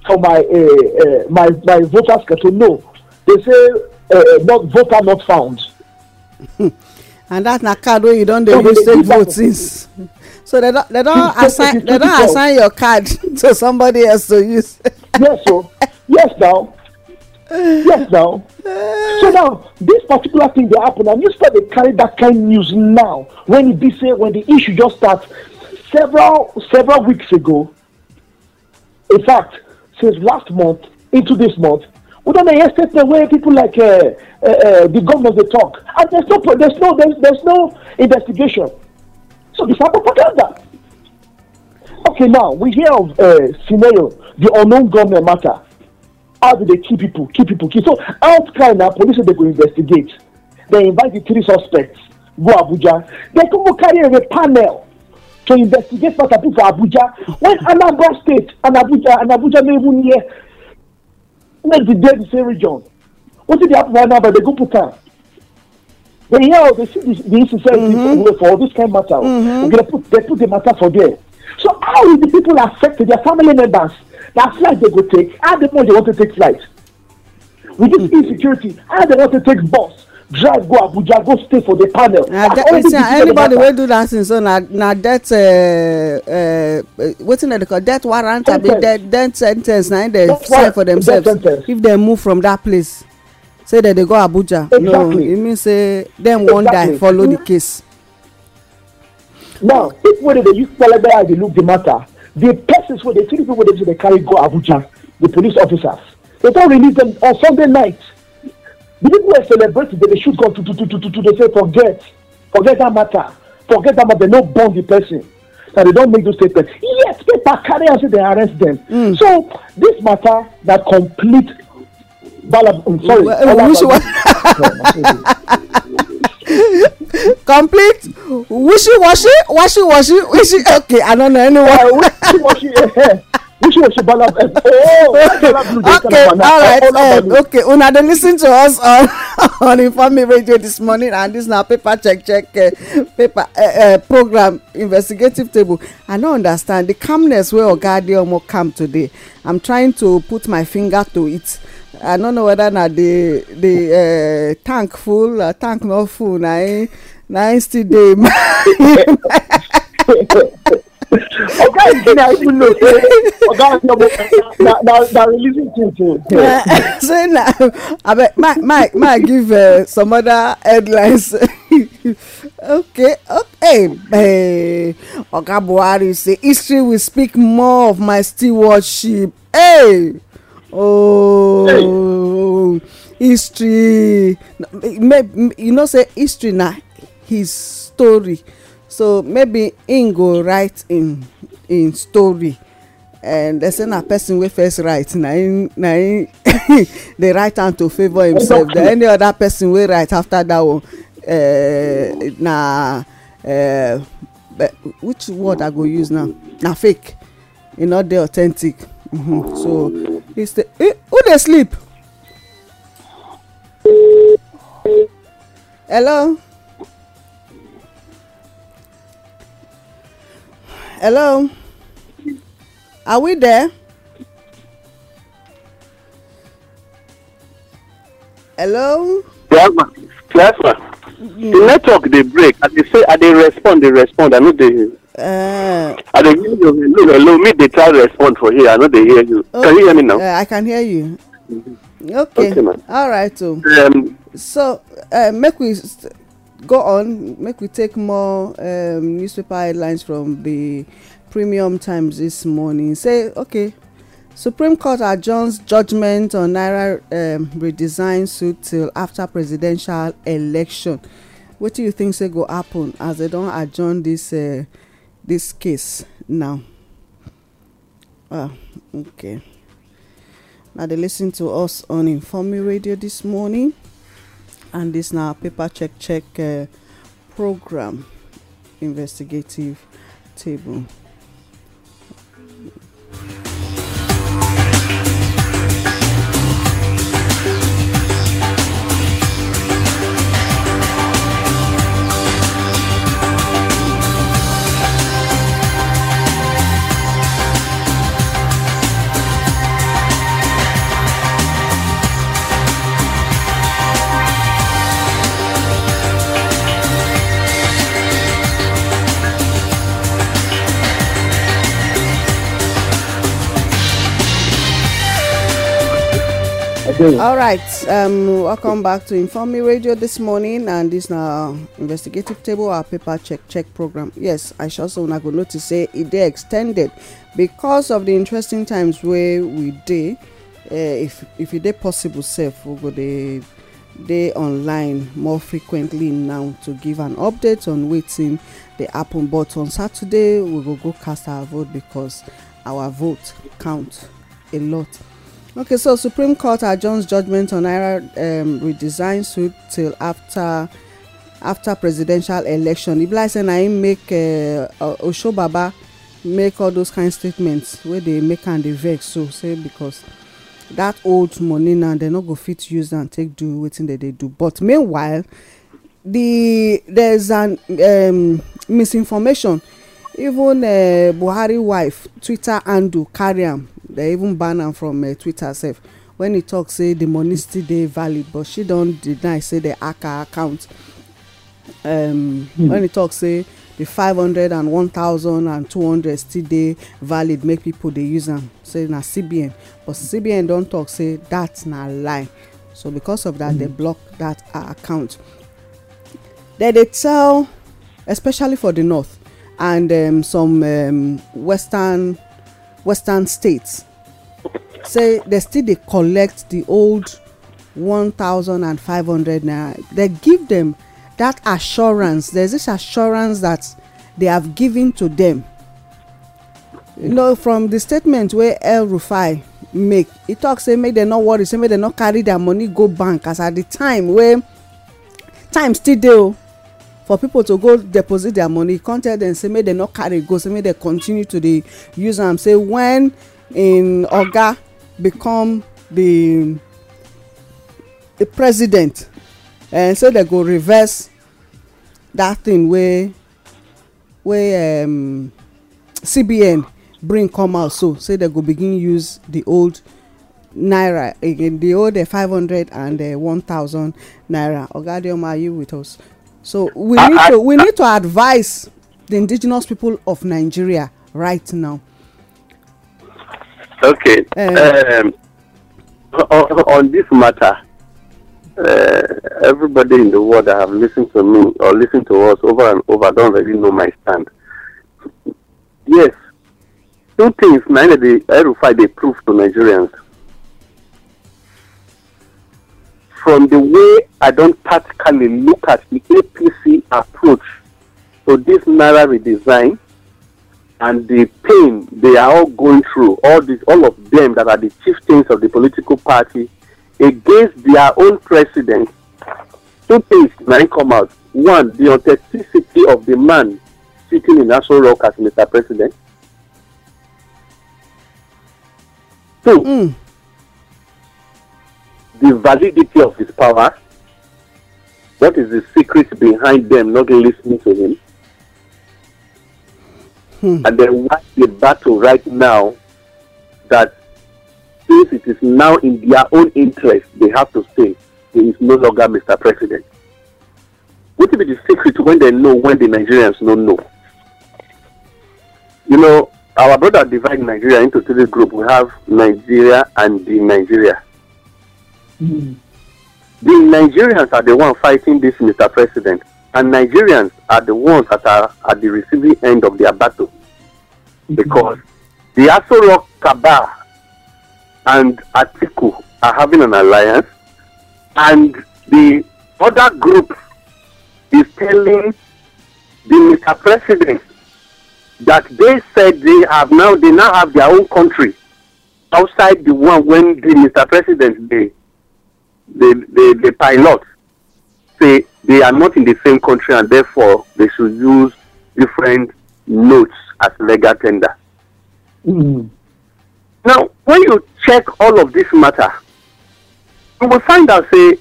for my uh, uh, my my voters to know. They say uh, not voter not found. [LAUGHS] and that's a card where you don't use vote since so they don't they don't assign they don't assign your card [LAUGHS] to somebody else to use. yes o yes now yes, now. So now, this particular thing that happened, and you start to carry that kind of news now. When it be say, when the issue just starts, several several weeks ago, in fact, since last month into this month, we don't hear statement where people like uh, uh, uh, the government they talk, and there's no there's no there's, there's no investigation. So this happened propaganda. Okay, now we hear of uh, scenario the unknown government matter. how do they kill people kill people kill so health crime na police wey dey go investigate dem invite the three suspects go abuja dem come go carry a panel to investigate matter put for abuja when anambra state and abuja and abuja no even near make the dey the same region wetin dey happen for anambra dey go put am dey hear or dey see the the insincerity mm -hmm. for all this kind matter mm -hmm. put dey put the matter for there so how will the people affect their family members That flight they go take how the money they want to take flight with this hmm. insecurity how they want to take bus drive go abuja go stay for the panel. na de anybody will do that thing so na na death uh, uh, wetin dem the call that warrant abi that sen ten ce na im for themselves if they move from that place say that they go abuja no it means say dem wan die follow the case. now if wey they use pelebe eye dey look the matter the persons where the three people they, they carry go Abuja, the police officers, they don't release them on Sunday night. The people are celebrating they should go to, to, to, to, to, to they say forget, forget that matter, forget that matter, they don't the person. And they don't make those statements. Yet people carry and say they arrest them. Mm. So this matter that complete I'm sorry. Well, Bala, Bala, Bala. complete wishy-washy washy-washy wishy okay i don't know anyone. Uh, eh, wishy-washy yeah. Eh. wishy-washy bala eh, oh, [LAUGHS] okay all okay una dey lis ten to us on [LAUGHS] on informe radio this morning and this na paper check check uh, paper uh, uh, program investigative table i no understand the calmness wey oga adeomo calm today i'm trying to put my finger to it i no know whether na the the uh, tank full or tank no full na him na him still dey. [LAUGHS] oga you na even know say oga na na na releasing things oh. [LAUGHS] o. say na abeg my my my give uh, some other headlines. [LAUGHS] okay okay hey, eh, oga buhari say history will speak more of my stewardship. Hey! oh hey. history you know say history na his story so maybe him go write him him story and dem say na person wey first write na him na him [LAUGHS] dey write am to favour himself then any other person wey write after that one uh, na uh, which word i go use now na fake e no dey authentic mm -hmm. so Is the eh, who dey sleep? Hello? Hello? Are we there? Hello? Yes, ma. Yes, ma. The mm. network dey break. I dey say I dey respond, dey respond. I no dey Uh, I don't hear you hello hello me they try to respond for here I know they hear you can you hear me now. Oh, uh, I can hear you. Mm-hmm. okay all right o. Oh. Um, so uh, make we go on make we take more um, newspaper headlines from the premium times this morning say okay supreme court adjourns judgment on naira um, redesign suit till after presidential election What do you think say go happen as they don't adjourn this uh, this case now ah okay now they listen to us on informe radio this morning and this now paper check check uh, program investigative table All right. Um, welcome back to Inform Me Radio this morning, and this now investigative table, our paper check check program. Yes, I shall so not go notice say eh, it they extended because of the interesting times where we did. Uh, eh, if if it is possible, self we go the day online more frequently now to give an update on waiting the happen. But on Saturday we will go cast our vote because our vote count a lot. Okay, so Supreme Court adjourns judgment on Naira um, redesign suit till after after presidential election. Ibe like say na him make uh, Baba make all those kind statements wey dey make am dey vex so say because that old money now dem no go fit use am take do wetin dem dey do but meanwhile the there's an um, misinformation even uh, buhari wife twitter handle carry am they even ban am from uh, twitter sef when e tok say the money still dey valid but she don deny say the hack account um, mm. wen e tok say the five hundred and one thousand and two hundred still dey valid make people dey use am say na cbn but cbn don talk say that na lie so because of that, mm. dem block that her account dem dey tell especially for the north and um, some um, western western states say they still dey collect the old one thousand and five hundred naira they give them that assurance there's this assurance that they have given to them you know from the statement wey el rufai make he talk say make they no worry say make they no carry their money go bank as at the time wey time still dey o for people to go deposit their money come tell dem say make they no carry go say make they continue to dey use am say when im oga become the the president and eh, say they go reverse that thing wey wey um, cbn bring come out so say they go begin use the old naira again the old eh, five hundred and eh, one thousand naira oga adeoma are you with us. So we I, need I, to we I, need to advise the indigenous people of Nigeria right now. Okay. Um, um, on, on, this matter, uh, everybody in the world that have listened to me or listened to us over and over don't really know my stand. Yes, two things neither the Erufai they prove to Nigerians. from the way I don't practically look at the APC approach to this Naira redesign and the pain they are all going through, all this, all of them that are the chieftains of the political party against their own president, two things may come out. One, the authenticity of the man sitting in National Rock as Mr. President. Two, mm. the validity of his power? What is the secret behind them not listening to him? Hmm. And then why the battle right now that since it is now in their own interest, they have to say he is no longer Mr. President. What will be the secret when they know when the Nigerians don't know? You know, our brother divide Nigeria into three groups. We have Nigeria and the Nigeria. Hmm. The Nigerians are the ones fighting this, Mr. President, and Nigerians are the ones that are at the receiving end of their battle mm-hmm. because the Aso Rock Kaba and Atiku are having an alliance, and the other group is telling the Mr. President that they said they have now they now have their own country outside the one when the Mr. President they the, the, the pilots say they are not in the same country and therefore they should use different notes as legal tender. Mm. Now, when you check all of this matter, you will find out, say,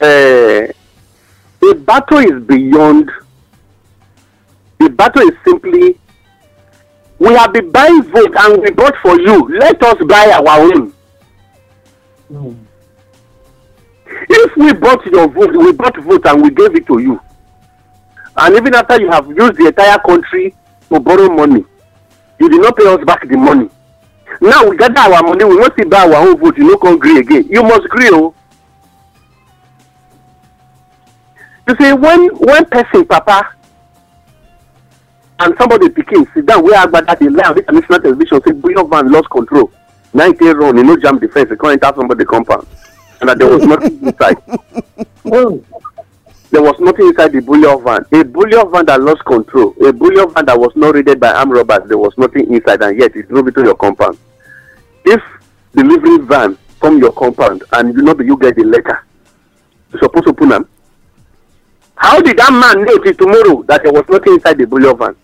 uh, eh, the battle is beyond, the battle is simply, we have been buying votes and we bought for you, let us buy our own. If we bought your vote, we bought vote and we gave it to you. And even after you have used the entire country to borrow money, you did not pay us back the money. Now we gather our money, we want to buy our own vote, you no know, come gree again. You must gree oh. You see, when when person papa and somebody pikin sit down wey agbada dey lie on international television say buyoff man lost control 9 run, he no jam the fence, you can't enter somebody compound. And that there was nothing inside. Oh. There was nothing inside the bullion van. A bullion van that lost control, a bullion van that was not raided by armed robbers, there was nothing inside, and yet it drove into your compound. If delivery van from your compound and you know that you get the letter, you supposed to put them. How did that man know till tomorrow that there was nothing inside the bullion van?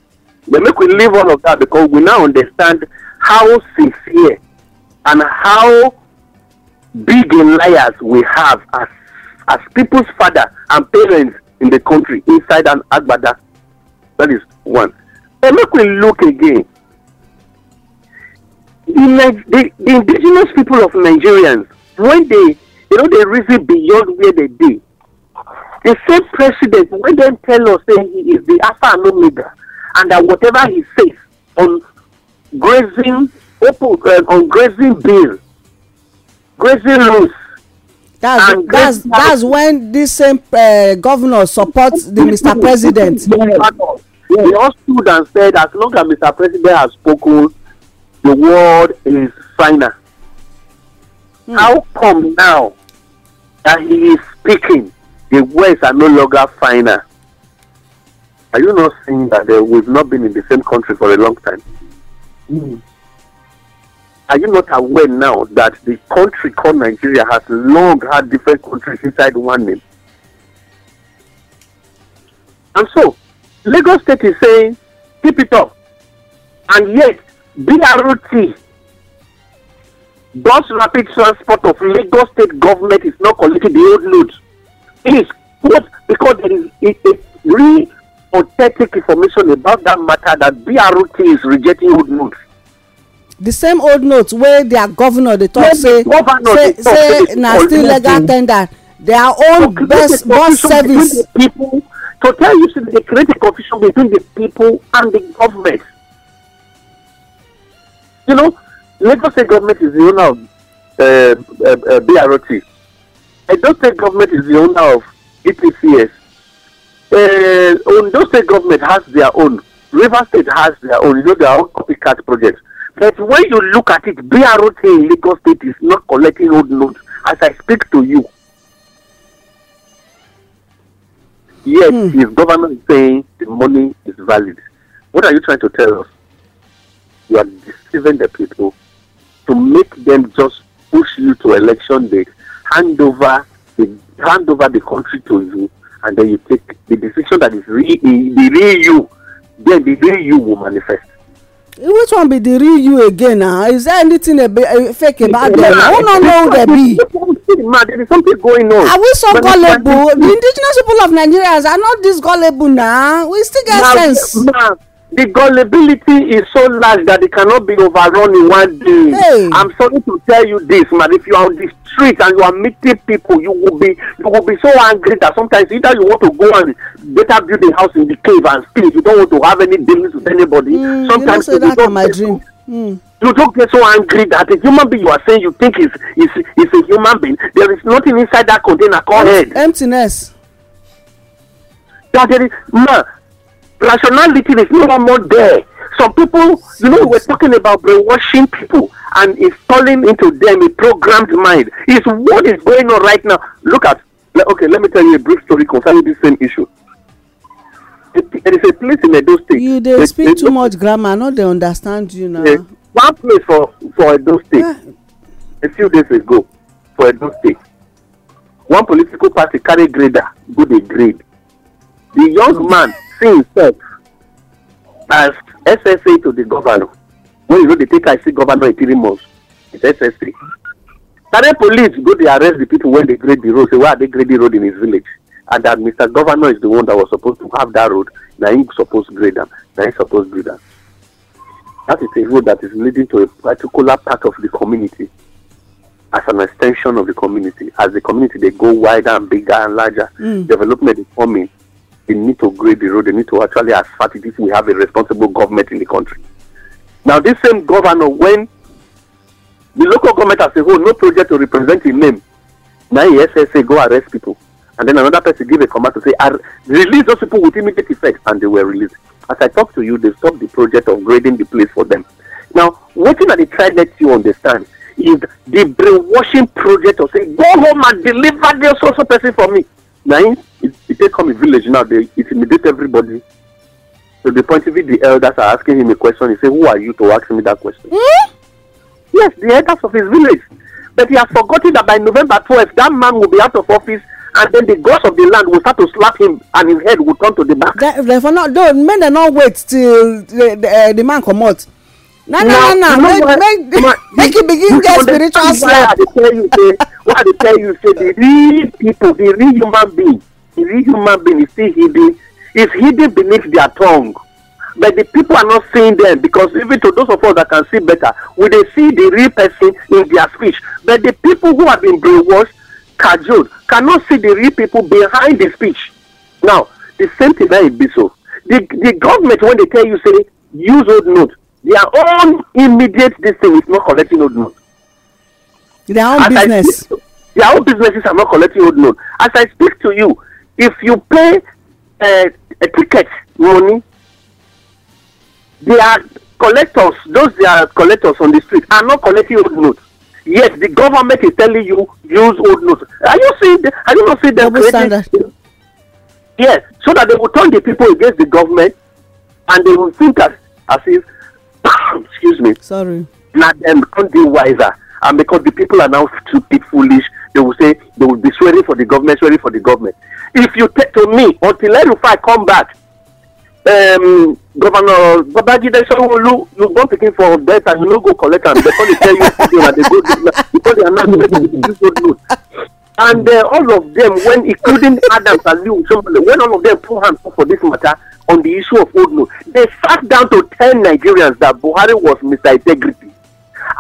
But make we leave all of that because we now understand how sincere and how big a liars we have as as people's father and parents in the country inside an agbada. That is one. And make we look again. The, the, the indigenous people of Nigerians, when they you know they reason beyond where they be. The same president when they tell us that he is the Alpha and Omega and that whatever he says on grazing open uh, on grazing bill grazing rules. That's, that's, that's when this same uh, governor supports the Mr. President. Yes. They all stood and said, as long as Mr. President has spoken, the world is final. Hmm. How come now that he is speaking, the words are no longer final? Are you not seeing that uh, we've not been in the same country for a long time? Mm are you not aware now that the country called Nigeria has long had different countries inside one name? And so, Lagos State is saying, keep it up. And yet, BRT, Bus Rapid Transport of Lagos State government is not collecting the old loads. It is quote because there is it, it, authentic information about that matter that BRT is rejecting old notes. the same old notes wey their governor dey talk say say say na still legal tender their own best bus service. People, to tell you say they create a confusion between the people and the government. You know, Lagos State government is the owner of um, um, uh, uh, do BRT. Edo State government is the owner of EPCS. Uh, State government has their own. River State has their own. You know, their own copycat projects. that when you look at it, BROT in Lagos State is not collecting old notes as I speak to you. Yes, mm. if government is saying the money is valid, what are you trying to tell us? You are deceiving the people to make them just push you to election day, hand over the hand over the country to you, and then you take the decision that is really the real you. Then the real you will manifest which one be the real you again ah is there anything a eh, fake about them who no know who they be. there is something going on. are we so gullible the indigenous people of nigeria are not this gullible na we still get sense the gullibility is so large that it cannot be overrun in one day. Hey. I'm sorry to tell you this, man. If you are on the street and you are meeting people, you will be you will be so angry that sometimes either you want to go and better build a house in the cave and stay. You don't want to have any dealings with anybody. Mm, sometimes you, know, so you don't. My hmm. You don't get so angry that a human being you are saying you think is is is a human being. There is nothing inside that container called head. Emptiness. That there is man Rationality is no more there. Some people, you know, we're talking about brainwashing people and installing into them a programmed mind. Is what is going on right now. Look at, okay, let me tell you a brief story concerning this same issue. There is a place in Edo State. You they, speak they, too much grammar, not they understand you now. one place for, for Edo State yeah. a few days ago for Edo State. One political party carried grader, good dey grade. The young oh. man see himself as SSA to the governor when you know they take I see governor in three months it's SSA Tare police go dey arrest the people when they grade the road say why are they grading road in his village and that Mr. Governor is the one that was supposed to have that road na him suppose grade am na him suppose grade am that is a road that is leading to a particular part of the community as an extension of the community as the community dey go wider and bigger and larger mm. development is coming They need to grade the road. They need to actually assert it if we have a responsible government in the country. Now, this same governor, when the local government as a whole, no project to represent his name, now he say go arrest people. And then another person give a command to say, release those people with immediate effect. And they were released. As I talk to you, they stopped the project of grading the place for them. Now, what thing that they try to let you understand is the brainwashing project of saying, go home and deliver the social person for me. Now, it, it take come a village now they intimidate everybody to the point even the elders are asking him a question he say who are you to ask me that question. Mm? yes the elders of his village but he has forgotten that by november twelve that man will be out of office and then the gods of the land will start to slap him and his head will turn to the back. therefore no though Men dem no wait till the the, uh, the man comot. na no, no, no. make make [LAUGHS] make he begin get spiritual slap. why i dey tell you say why i dey tell you say the real people the real human being every human being is hidden is hidden beneath their tongue but the people are not seeing them because even to those of us that can see better we dey see the real person in their speech but the people who have been brainwashed cajoled cannot see the real people behind the speech now the same thing na e be so the the government when they tell you say use old note their own immediate this thing is not collecting old note. their own as business. I, their own businesses are not collecting old note as i speak to you if you pay uh, a ticket money they are collectors those they are collectors on the street are not collecting old notes yes the government is telling you use old notes are you seeing the, are you not seeing them creating yes so that they will turn the people against the government and they will think as as if [COUGHS] excuse me sorry na dem come dey wiser and because the people are now stupid foolish they will say they will be swearing for the government, swearing for the government. If you take to me until Erufai come back, um, Governor Babajide Sanwo-Olu, you born pikin for death and you no go collect am before they tell you something and they go do before they announce say they do so do. And uh, all of them, when including Adams and Liu, somebody, when all of them put hand for this matter on the issue of old note, they sat down to tell Nigerians that Buhari was Mr. Integrity.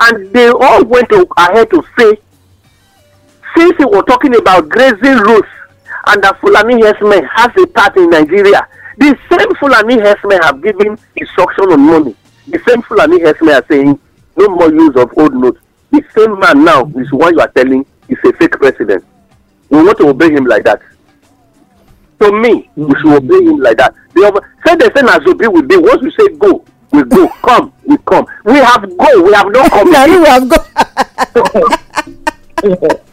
And they all went to, ahead to say since we were talking about grazing roads and that Fulani herdsmen has a part in Nigeria, the same Fulani herdsmen have given instruction on money. The same Fulani herdsmen are saying no more use of old notes. The same man now is what you are telling is a fake president. We want to obey him like that. To me, mm-hmm. we should obey him like that. The other, say the same as Obi will be. Once we say go, we go. Come, we come. We have go. We have no come. [LAUGHS] we have go. [LAUGHS]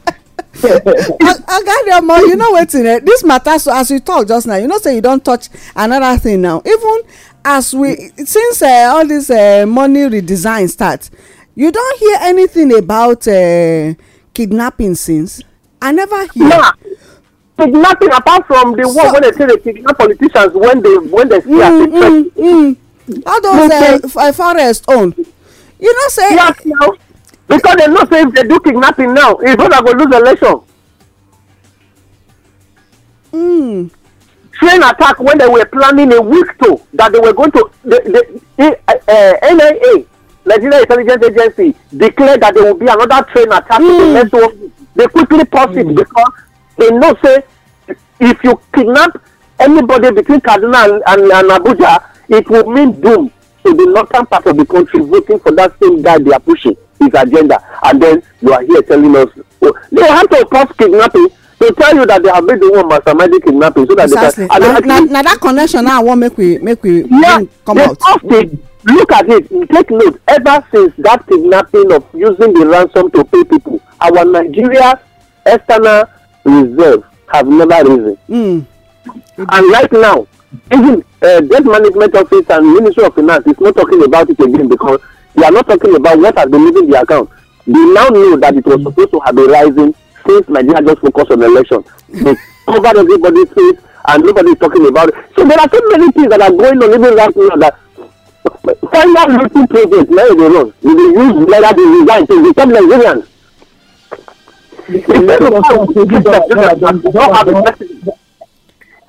oga you know wetin eh this matter so as we talk just now you know say you don touch another thing now even as we since eh, all this eh, money redesign start you don hear anything about eh, kidnapping since i never hear nah kidnapping apart from the one wey dey say dey kidnap politicians when dey when dey see as a mm, threat mm, mm. all those forest own you know say because dem know say if they do kidnapping now his brother go lose election. Mm. train attack when they were planning a week to that they were going to the the uh, uh NIA Nigeria Intelligence Agency declared that there will be another train attack mm. in the hmm. next one they quickly pause mm. it hmm. because they know say if you kidnap anybody between Kaduna and, and, and Abuja it will mean doom to the northern part of the country voting for that same guy they are pushing his agenda, and then you are here telling us oh, they have to pass kidnapping to tell you that they have made the one masterminding kidnapping so that exactly. they can. Exactly. Na, na, that connection now I wan make we make we yeah, come out. Yeah, they pass look at it take note ever since that kidnapping of using the ransom to pay people our nigeria external reserve have never risen. Mm. and right now even uh, debt management office and ministry of finance is not talking about it again because We are not talking about what has been leaving the account. They now know that it was mm. supposed to have been rising since Nigeria just focused on election. [LAUGHS] They covered everybody's face and nobody is talking about it. So there are so many things that are going on even right now that find out looking project now they run. They dey use whether they resign to become Nigerians. Instead of we don't have a president.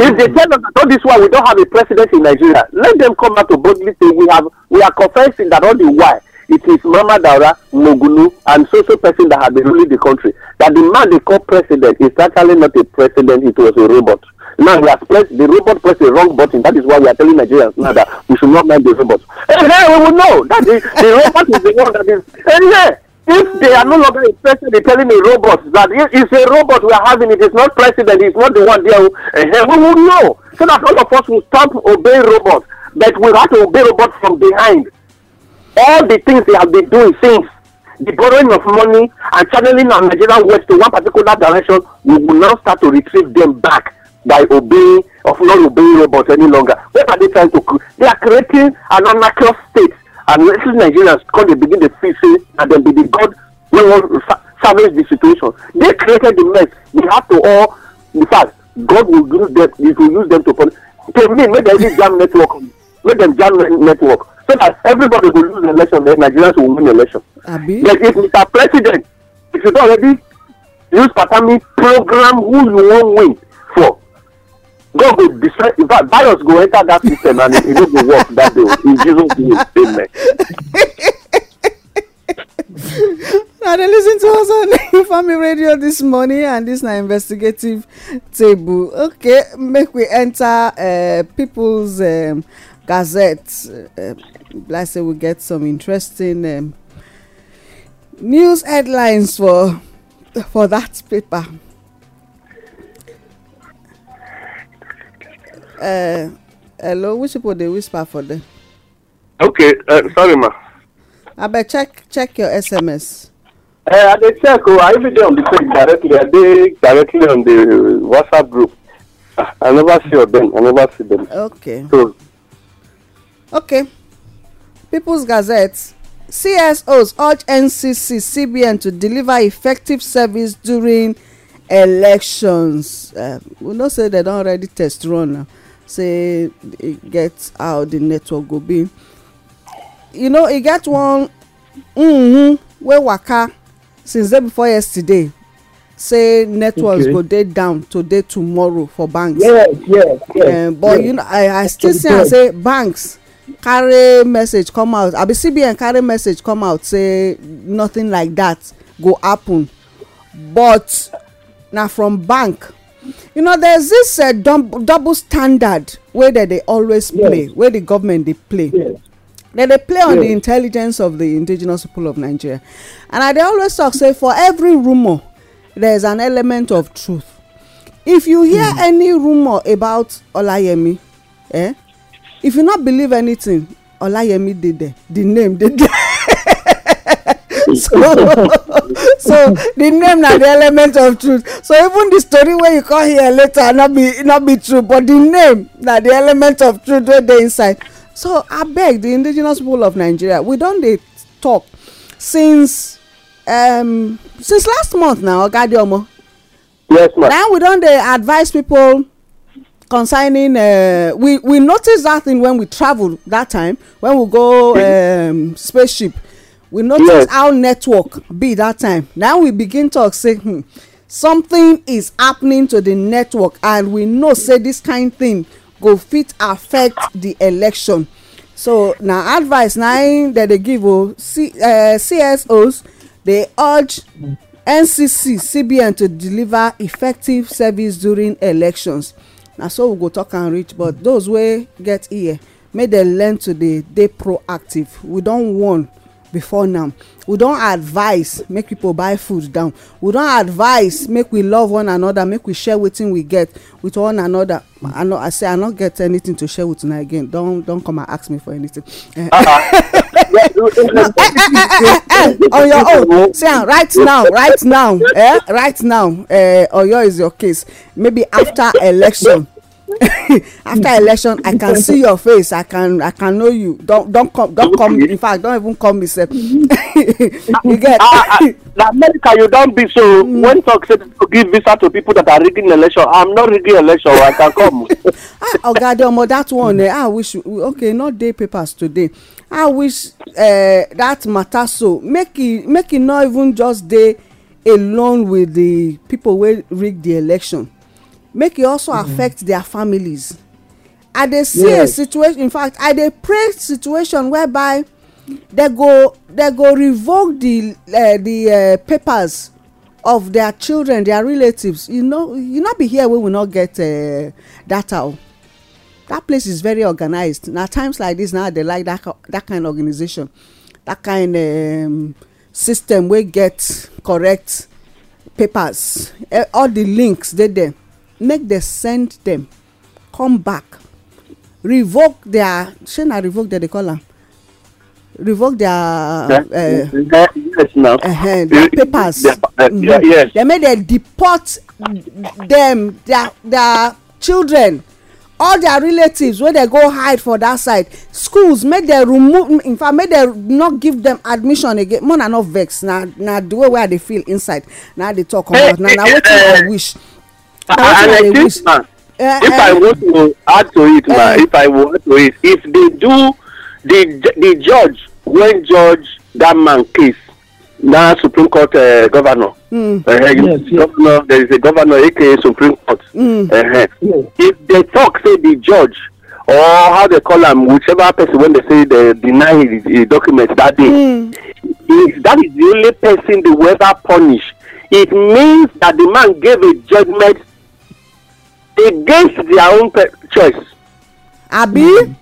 If mm-hmm. they tell us that this one, we don't have a president in Nigeria, let them come out to boldly say we have we are confessing that all the while it is Mama Daura, Mogulu, and so so person that have been ruling the country. That the man they call president is actually not a president, it was a robot. Now he has pressed the robot pressed the wrong button. That is why we are telling Nigerians now that we should not mind the robots. And eh, hey, eh, we will know that the, the robot is the one that is and eh, hey, if they are no longer interested in telling a robot that it's a robot we are having, it is not president, it's not the one there, uh, uh, we will know. So that all of us will stop obeying robots, but we have to obey robots from behind. All the things they have been doing since the borrowing of money and channeling our Nigerian wealth to one particular direction, we will now start to retrieve them back by obeying, of not obeying robots any longer. What are they trying to create? They are creating an anarchist state and wrestling nigerians come dey begin dey feel say na dem be the god wey wan salvage the situation they created the mess they have to all in fact god will use them he will use them to punish to me make dem use jam network make dem jam network so that everybody go lose the election then nigerians will win the election Abi? but if mr president if you don already use patami program who you wan win for God go decide. In fact, virus go enter that system and it, it no work that day. In Jesus' name, amen. na dey lis to us on [LAUGHS] family radio this morning and this is na investigative table okay make we enter uh, people's um, gazette uh, like say we get some interesting um, news headlines for for that paper Uh, hello, which people they whisper for them? Okay, uh, sorry, ma. I bet check check your SMS. Uh, eh, I they check. Oh, I even on the page directly. I they directly on the WhatsApp group. Ah, I never see them. I never see them. Okay. So, okay. People's Gazette. CSOs urge NCC CBN to deliver effective service during elections. Uh, we know say they don already test run now. Uh, say e get how the network go be you know e get one mm mm-hmm, wey waka since day before yesterday say networks go dey down today tomorrow for banks Yes, yes, eh, yes. but you know i i still see am say banks carry message come out abi cbn carry message come out say nothing like that go happen but na from bank you know there's this uh, double standard where they they always play Where the government they play yes. dem play on yes. the intelligence of the indigenous people of nigeria and i dey always talk say for every rumour there's an element of truth if you hear mm. any rumour about olayemi eh if you not believe anything olayemi did the the name did. so [LAUGHS] so the name na the element of truth so even the story wey you come hear later no be no be true but the name na the element of truth wey dey inside so abeg the indigenous people of nigeria we don dey talk since um, since last month now oga adeomo. yes ma'am. now we don dey advise people concerning uh, we we notice that thing when we travel that time when we go mm-hmm. um, spaceship we notice how network be that time now we begin talk say hmm, something is happening to the network and we know say this kind thing go fit affect the election so na advice na im dem dey give o oh, C, uh, eh, csos dey urge ncc cbn to deliver effective service during elections na so we go talk and reach but those wey get ear May dem learn to dey dey proactive we don warn before now we don advise make people buy food down we don advise make we love one another make we share wetin we get with one another i no i say i no get anything to share with una again don don come and ask me for anything. on your own say am ah, right now right now eh? right now eh, oyo is your case maybe after election [LAUGHS] after election i can see your face i can i can know you don don come don come in fact don even come. me sef mm-hmm. [LAUGHS] you get. ah ah [LAUGHS] na america you don be so mm. when talk say to give visa to people that are rigging election i'm not rigging election i can come. ah oga adeomo that one eh i wish okay no dey papers today i wish uh, that matter so make e make e no even just dey alone with the people wey rig the election make e also mm-hmm. affect their families i dey see a situation in fact i dey pray situation whereby they go they go revoke the uh, the uh, papers of their children their relatives you know you no be here wey we no get uh, data o that place is very organized na times like this now i dey like that that kind organization that kind um, system wey get correct papers uh, all the links dey there make dem send dem come back revoke their shey na revoke dem dey call am revoke their uh, uh, their papers dem mm-hmm. make dem deport dem their their children all their relatives wey dey go hide for that side schools make dem remove in fact make dem not give dem admission again more na no vex na na the way wey i dey feel inside na i dey talk about na na wetin i wish and I think ma eh, eh. if I want to add to it ma eh. if I want to it if they do the the judge when judge that man case na supreme court uh, governor. Mm. Uh, yes, yes. governor there is a governor aka supreme court. Mm. Uh, yes. if they talk say the judge or how they call am whichever person wey dey say dey deny the his document that day. Mm. if that is the only person they will ever punish it means that the man gave a judgement against their own choice. Abi.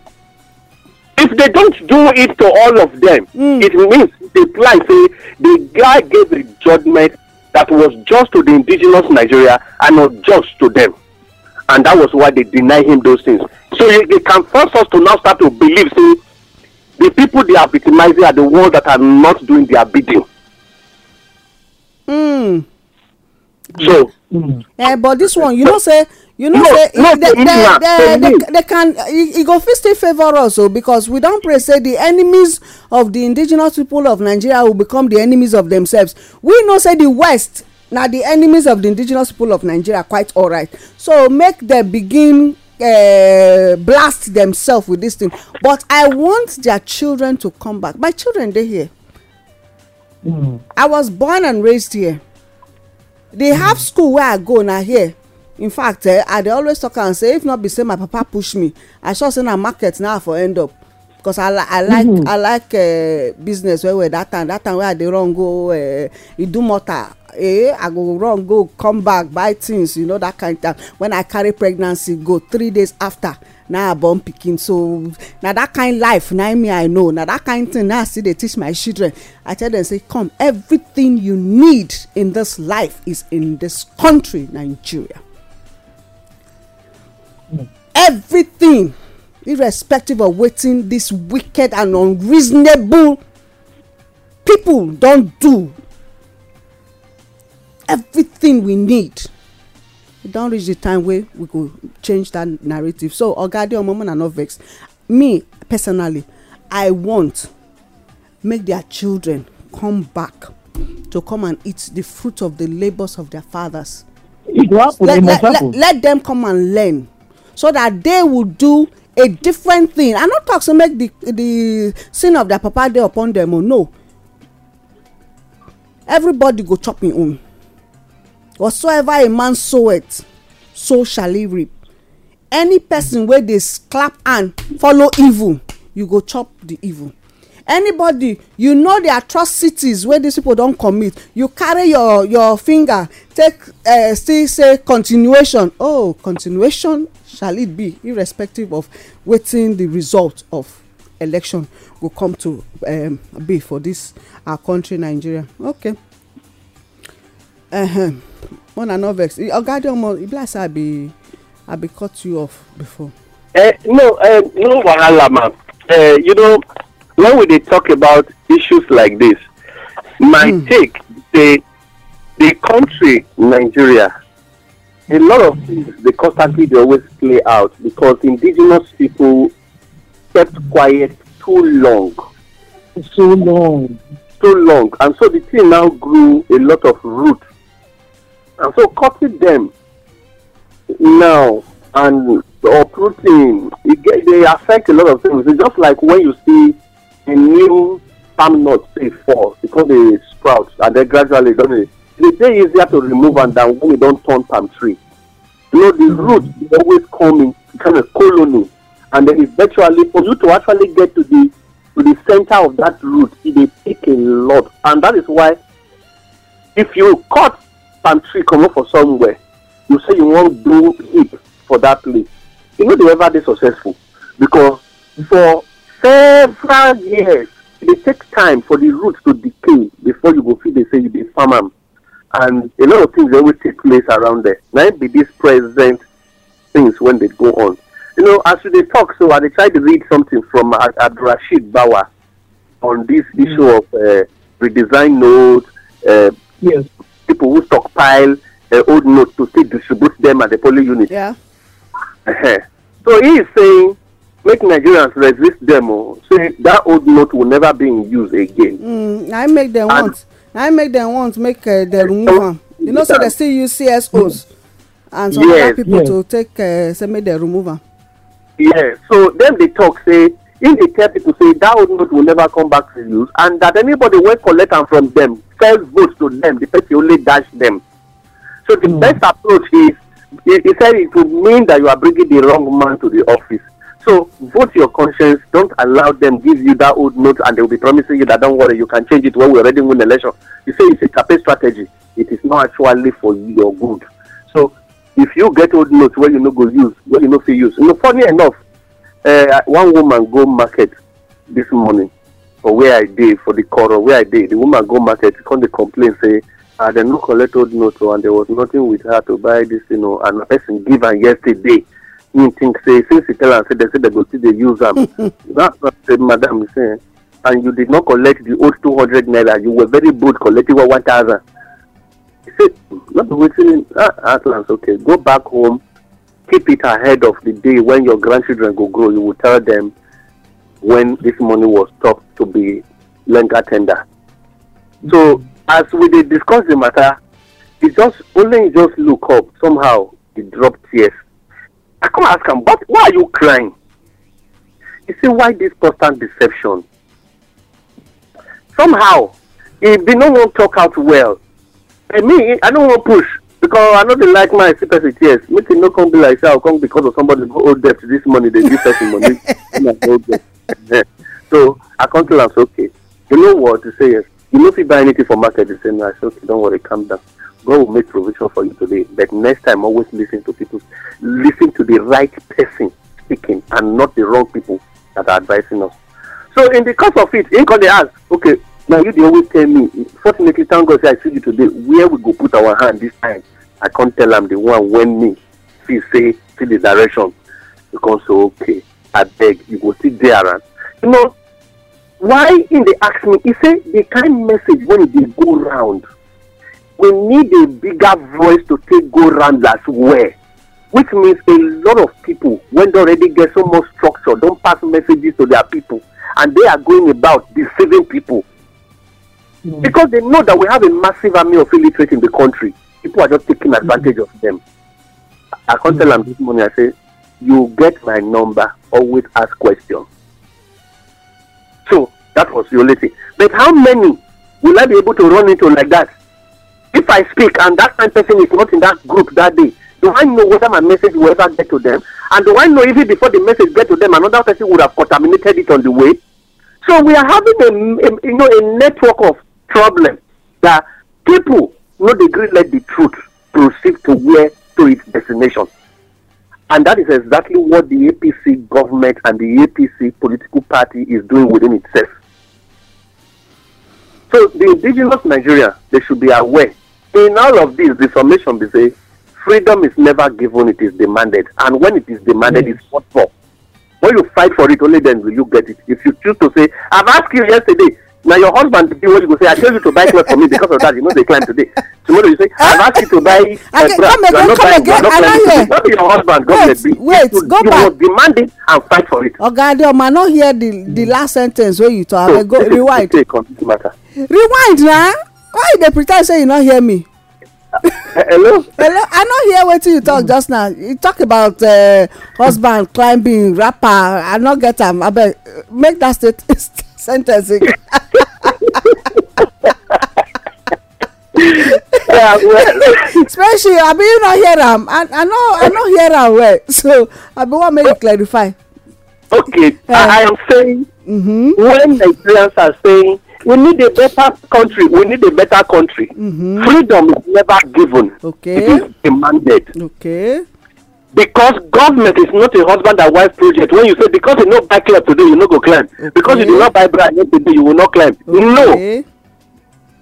If they don't do it to all of them, mm. it means the plan say the guy gave the judgment that was just to the indigenous Nigeria and not just to them. And that was why they deny him those things. So it can force us to now start to believe See, the people they are victimizing are the ones that are not doing their bidding. Mm. So. Mm. Eh, but this one, you know, say you know say they they can e go fit still favour us o oh, because we don pray say the enemies of the indigenous people of nigeria will become the enemies of themselves we know say the west na the enemies of the indigenous people of nigeria quite alright so make them begin uh, blast themselves with this thing but i want their children to come back my children dey here mm. i was born and raised here the half hmm. school wey i go na here in fact eh, i dey always talk am say if not be say my papa push me i sure say na market now i for end up because i, I like mm -hmm. i like uh, business well well that time that time wey i dey run go uh, idumota eh i go run go come back buy things you know that kind of time when i carry pregnancy go three days after na i born pikin so na that kind life na me i know na that kind thing na i still dey teach my children i tell them say come everything you need in this life is in this country nigeria. everything irrespective of wetin these wicked and unreasonable people don do everything we need e don reach the time wey we go change that narrative so oga adeomomona no vex me personally i want make their children come back to come and eat the fruit of the labours of their fathers let, let, let, let them come and learn so that they will do a different thing i no talk say make the the sin of their papa dey upon them o oh, no everybody go chop im own whatsoever a man sow it, so shall he reap any person wey dey clap hand follow evil you go chop the evil anybody you know the atrocities wey these people don commit you carry your your finger take uh, still say continuation oh continuation shall it be irrespective of wetin the result of election go come to um, be for this our country nigeria okay uh one and no vex oga adeomo e be like say i be i be cut you off before. Uh, no uh, no wahala ma uh, you know when we they talk about issues like this, my mm. take the the country Nigeria, a lot of things they constantly they always play out because indigenous people kept quiet too long. So long. So long. And so the thing now grew a lot of root. And so cutting them now and uprooting, it, they affect a lot of things. It's just like when you see the new palm nut dey fall because come dey sprout and then gradually don dey e dey easier to remove am than when you don turn palm tree you know the mm-hmm. root dey always come in kind of colony and then eventually for you to actually get to the to the center of that root e dey take a lot and that is why if you cut palm tree comot for somewhere you say you wan do heap for that place e no dey ever dey successful because for several years e dey take time for the root to decay before you go fit dey say you dey farm am and a lot of things dey always take place around there na im be dis present things when they go on you know as we dey talk so i dey try to read something from abdulrasheed bawa on dis mm. issue of eh, redesign notes eh, yes people who stockpile eh, old notes to still distribute them at the polling unit Yeah. so he is saying make nigerians resist dem o oh. say dat old note will never be in use again na mm, im make dem want na im make dem want make dem uh, uh, remove am you know say dem still use csos and some oda pipo to take say make dem remove am yes so dem dey talk. say im dey tell pipo say dat old note will never come back to use and that anybody wey collect am from dem first vote to dem di person only dash dem so di mm. best approach is he said it would mean that you are bringing the wrong man to the office So vote your conscience. Don't allow them give you that old note and they will be promising you that don't worry, you can change it when we already win the election. You say it's a campaign strategy. It is not actually for your good. So if you get old notes where you no go use, where you no see use. You know, funny enough, uh, one woman go market this morning for where I did for the coral. where I did, The woman go market come dey complain say "I ah, dem no collect old note oh, and there was nothing with her to buy this you know, o and the person give am yesterday you think say since you tell am say dem say dem go still dey use am [LAUGHS] that's what say madam is saying and you did not collect the old two hundred naira you were very bold collecting one one thousand he say no be wetin ah atlas okay go back home keep it ahead of the day when your grandchildren go grow you will tell them when this money was stopped to be longer tender so as we dey discuss the matter e just only just look up somehow e drop tears I come ask him, but why are you crying? You see, why this constant deception? Somehow, if they no wan talk out well, and me, I no wan push because I no dey like my Super person tears. Make e no come be like say I come because of somebody go owe debt this money, they give person money. [LAUGHS] Eh. so I can't tell us okay, you know what? to say yes. You no fit buy anything for market. He say no. I say okay, don't worry, calm down. God will make provision for you today. But next time, always listen to people. Listen to the right person speaking and not the wrong people that are advising us. So, in the course of it, in God they ask, okay, now you always tell me, fortunately, thank God, I see you today, where we go put our hand this time? I can't tell them the one when me, see, say, see the direction. You can say, okay, I beg, you go sit there and, you know, why in they ask me, he say, the kind message when they e go round, we need a bigger voice to take go round as well which means a lot of people when they already get so much structure don pass messages to their people and they are going about deceiving people mm. because they know that we have a massive army of illiterate in the country people are just taking advantage mm. of them i come mm. tell am this morning i say you get my number always ask question so that was your lesson. but how many will i be able to run into like that if I speak and that kind person is not in that group that day, do I know whether my message will ever get to them? And do I know even before the message get to them, another person would have contaminated it on the way? So we are having a, a you know a network of problems that people no dey gree let the truth proceed to where to its destination. And that is exactly what the APC government and the APC political party is doing within itself. So the indigenous Nigeria, they should be aware in all of this the summation be say freedom is never given it is demanded and when it is demanded yes. it's fought for when you fight for it only then will you get it if you choose to say i've asked you yesterday na your husband be wey you go say i tell you to buy cloth for me because of that you no know dey climb today tomorrow you say i've asked you to buy uh, okay, bra you are not buying you are not buying today no be your husband government be wait go you back. must demand it and fight for it. oga okay, adeoma i no hear the the mm. last sen ten ce wey you talk abeg go rewind rewind na why you dey pre ten d say you no hear me. Eh, hello. [LAUGHS] hello i no hear wetin you talk mm. just now you talk about uh, husband climbing rapper i no get am abeg make that state sen ten ce especially abi you no hear am i i no i no hear am well [LAUGHS] so abi wan make you clarify. okay uh, i am saying. Mm -hmm. when nigerians are saying we need a better country. We need a better country. Mm-hmm. Freedom is never given. Okay. It is demanded. Okay. Because government is not a husband and wife project. When you say because you no buy club today, you no go climb. Okay. Because you do not buy bread today, you will not climb. Okay. No.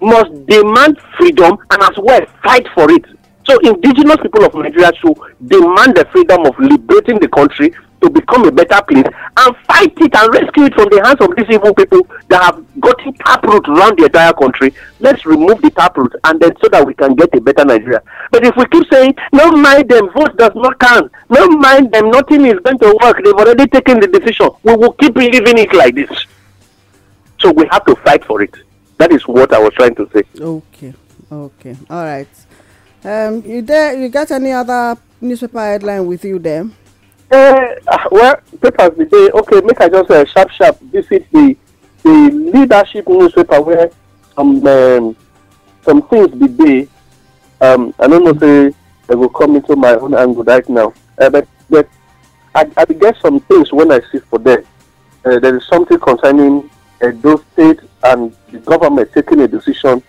Must demand freedom and as well fight for it. So indigenous people of Nigeria should demand the freedom of liberating the country to become a better place and fight it and rescue it from the hands of these evil people that have gotten taproot around the entire country. Let's remove the taproot and then so that we can get a better Nigeria. But if we keep saying, no mind them, vote does not count, no mind them, nothing is going to work, they've already taken the decision, we will keep living it like this. So we have to fight for it. That is what I was trying to say. Okay, okay, all right. Um, you there? You got any other newspaper headline with you there? Uh, well, papers the day. Okay, make I just uh, sharp sharp visit the the leadership newspaper where some um, some things the day. Um, I don't know say they will come into my own angle right now, uh, but but I, I get some things when I see for them. Uh, there is something concerning uh, those states and the government taking a decision,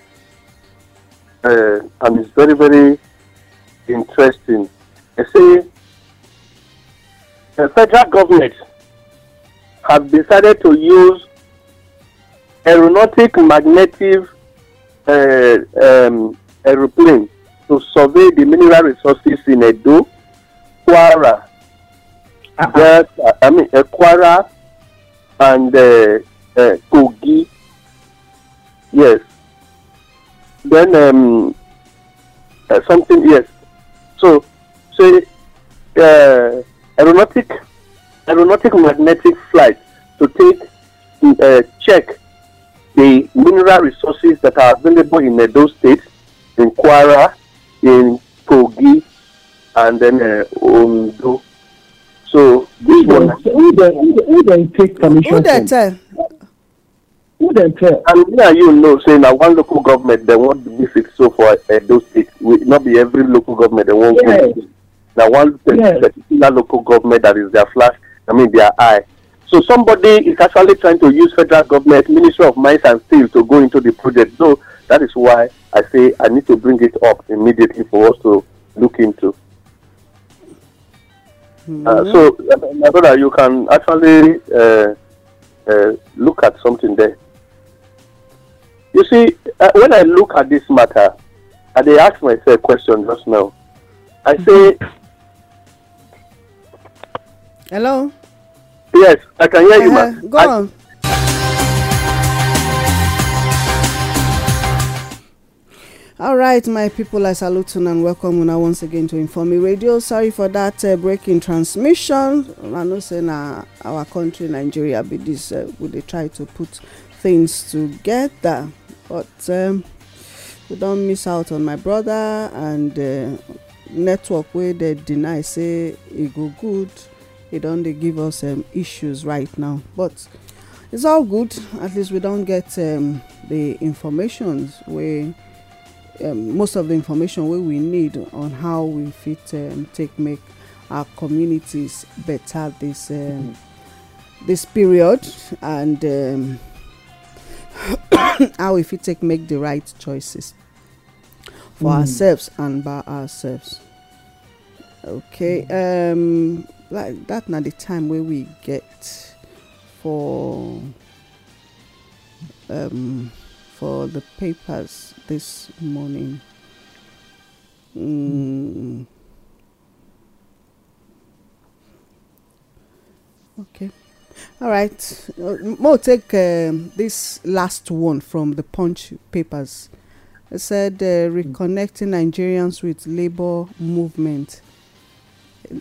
uh, and it's very very interesting. I say the federal government have decided to use aeronautic magnetic uh, um, aeroplane to survey the mineral resources in Edo, Kwara, uh-huh. yes, I mean uh, Kwara and uh, uh, Kogi. Yes. Then um, uh, something yes. So say. uh, aeronautic aeronautic magnetic flight to take uh, check the mineral resources that are available in Edo State, in Kwara, in Kogi, and then uh, Ondo. So this who one. Who then who then take permission? Who then Who then tell? And me and you know, saying that one local government they want to visit so for Edo State. Will not be every local government they want. to visit. that one yes. particular local government that is their flash, I mean their eye. So somebody is actually trying to use federal government, Ministry of Mines and Steel to go into the project. So that is why I say I need to bring it up immediately for us to look into. Mm-hmm. Uh, so, my brother, you can actually uh, uh, look at something there. You see, uh, when I look at this matter, and I ask myself a question just now. I mm-hmm. say, Hello? Yes, I can hear uh, you, ma'am. Uh-huh. Go I, on. all right my people i salute you and welcome una once again to Informi radio sorry for that uh, break transmission i know say na our country nigeria be this uh, we dey try to put things together but um, we don't miss out on my brother and uh, network where they deny say it e go good they don't they give us um, issues right now but it's all good at least we don't get um, the informations where um, most of the information where we need on how we fit um, take make our communities better this um, mm-hmm. this period and um, [COUGHS] how we fit take make the right choices for mm. ourselves and by ourselves okay mm. um like that not the time where we get for um, for the papers this morning. Mm. Okay. All right. Uh, we'll take um, this last one from the Punch papers. It said uh, reconnecting Nigerians with labor movement.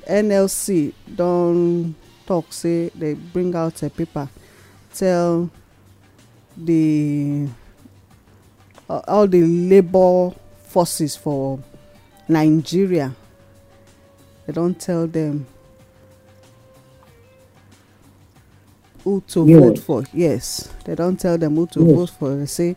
nlc don talk say they bring out a paper tell di uh, all the labor forces for nigeria They don tell them who to vote for yes they don tell them who to vote for They say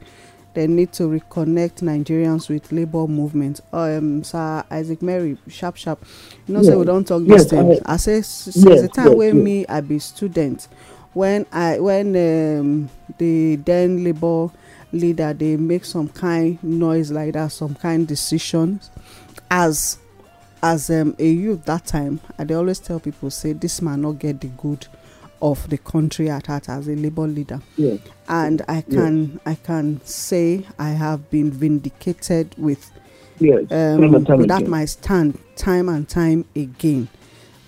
they need to reconnect nigerians with labour movement um, sir isaac mary sharp sharp you know yes. say we don't talk yes, this time i say since yes, the time yes, wey yes. me i be student when i when um, the then labour leader they make some kind noise like that some kind decision as as um, a youth that time i dey always tell people say this man not get the good of the country at heart as a labor leader. And I can I can say I have been vindicated with yes. um, that my stand time and time again.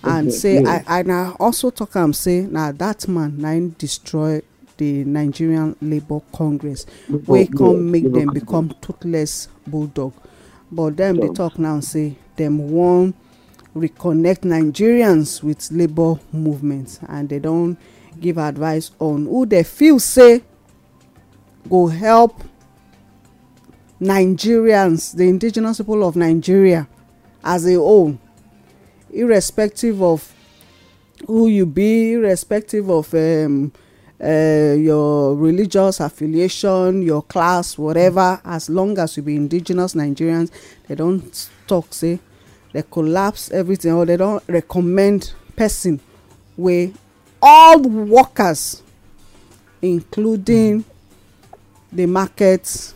And okay. say yeah. I and I also talk and say now nah, that man nine destroy the Nigerian Labour Congress. Labor, we can make them become toothless bulldog. But them they talk now and say them one reconnect nigerians with labour movements, and they don't give advice on who they feel say go help nigerians the indigenous people of nigeria as a whole irrespective of who you be irrespective of um, uh, your religious affiliation your class whatever as long as you be indigenous nigerians they don't talk say they collapse everything or they don't recommend person Where all workers including the markets,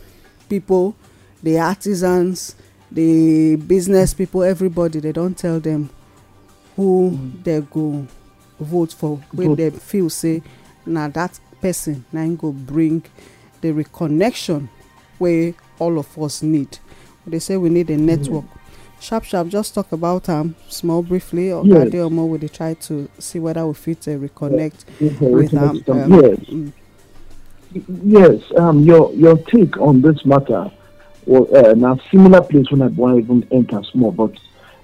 people the artisans the business people everybody they don't tell them who mm. they go vote for when they feel say now that person now go bring the reconnection where all of us need they say we need a mm. network. Mm sharp sharp just talk about um small briefly or yes. more. will try to see whether we fit and reconnect with um, um yes um, mm. yes um your your take on this matter well uh, now similar place when I want even enter small but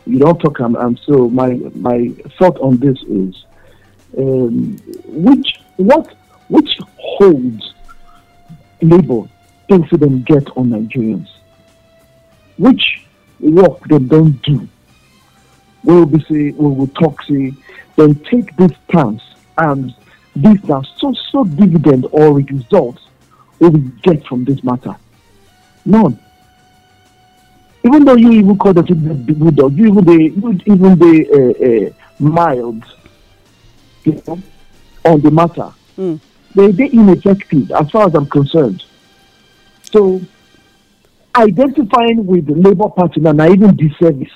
you don't talk um, am um, so my my thought on this is um which what which holds labor thinks it get on Nigerians which work don't do will be say we will talk say then take this stance and this na so so dividend or results wey we get from this matter none even though you even call the it good dog you even the even dey uh, uh, mild you know, on the matter mm. they dey ineffective as far as i'm concerned so identifying with the Labour Party now, now even disservice.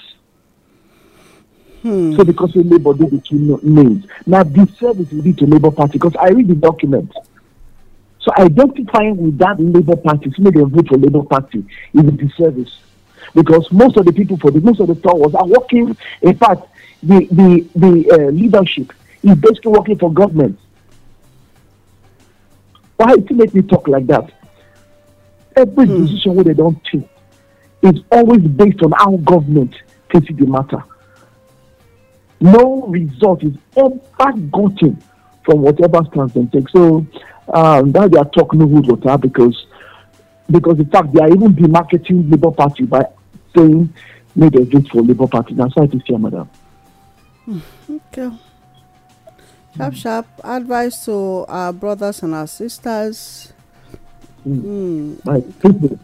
Hmm. So because the Labour did the two names. Now disservice will be to Labour Party because I read the document. So identifying with that Labour Party, so they vote for Labour Party is a disservice. Because most of the people for the most of the towers are working in fact the the, the uh, leadership is basically working for government. Why it make me talk like that? every mm. decision wey dem don take is always based on how government take see the matter no result is ever gotten from whatever stance dem take so um, that their talk no good water because because in fact they are even demarketing labour party by saying make dem vote for labour party na so i take fear madam. Hmm, okay. Sharp, sharp advice to our brothers and our sisters Mm. people,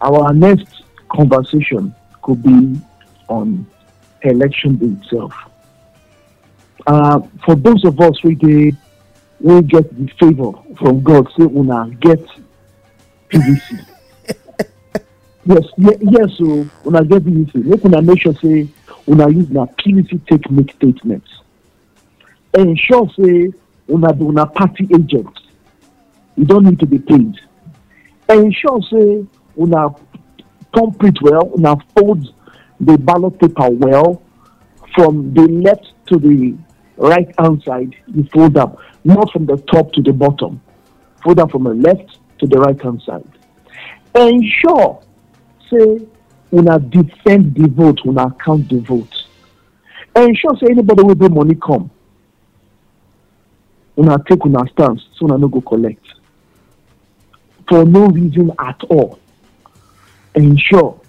our next conversation could be on election day itself. Uh, for those of us we did, we get the favor from God, say we now get PVC. [LAUGHS] yes, yes, so when I get PVC, make una make sure say when I use na PVC take make statements. Ensure say una be una party agent. You don't need to be paid ensure say una complete well una fold the ballot paper well from the left to the right hand side you fold up not from the top to the bottom fold up from the left to the right hand side ensure say una defend the vote una count the vote ensure say anybody with the money come una take una stance so una no go collect for no reason at all. Ensure.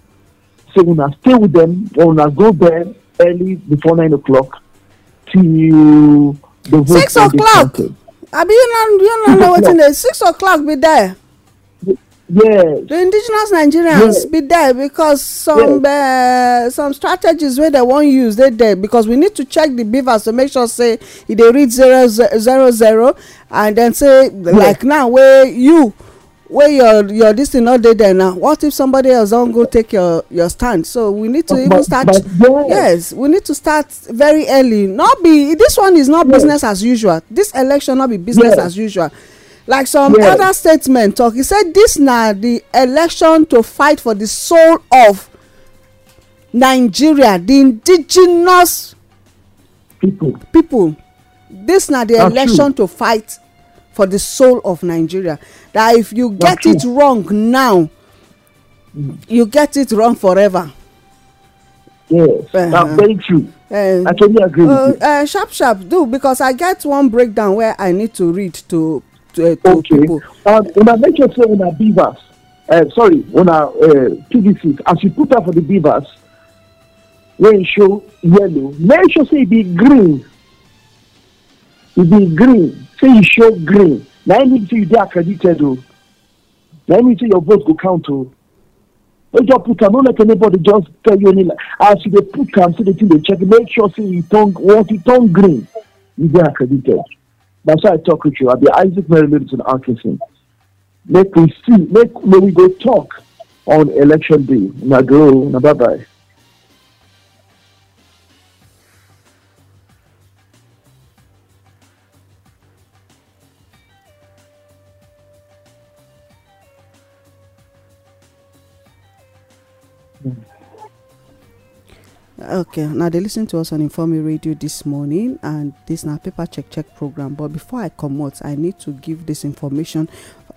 So when I stay with them, when I go there early before nine o'clock to the six o'clock. I mean, you know you know what it is. Six o'clock be there. Yes. The indigenous Nigerians yes. be there because some yes. uh, some strategies where they won't use they there because we need to check the beavers to make sure say they read zero zero zero and then say yes. like now where you wey your your dis thing no dey there now what if somebody else don go take your your stand so we need to even start yes we need to start very early not be this one is not business as usual this election no be business as usual like some other statement talk he say this na the election to fight for the soul of nigeria the indigenous people people this na di election to fight for the soul of nigeria that if you get it wrong now you get it wrong forever. yes uh, uh-huh. na very true uh, i totally agree uh, with you. Uh, sharp sharp do because i get one breakdown where i need to read to to, uh, to okay. people. okay um, una make sure say una beavers uh, sorry una uh, pvcs as you put am for the beavers wey show yellow make sure say e be green you be green say you show green na im mean say you dey accredited o na im mean your vote go count o no just put am no let anybody just tell you any lie as you dey put am say the thing dey check make sure say you turn once you turn green you dey accredited na so i talk with you i be isaac mary livingston atkinson make we see make, make we go talk on election day una go una bye bye. Okay, now they listen to us on Informe Radio this morning, and this now paper check check program. But before I come out, I need to give this information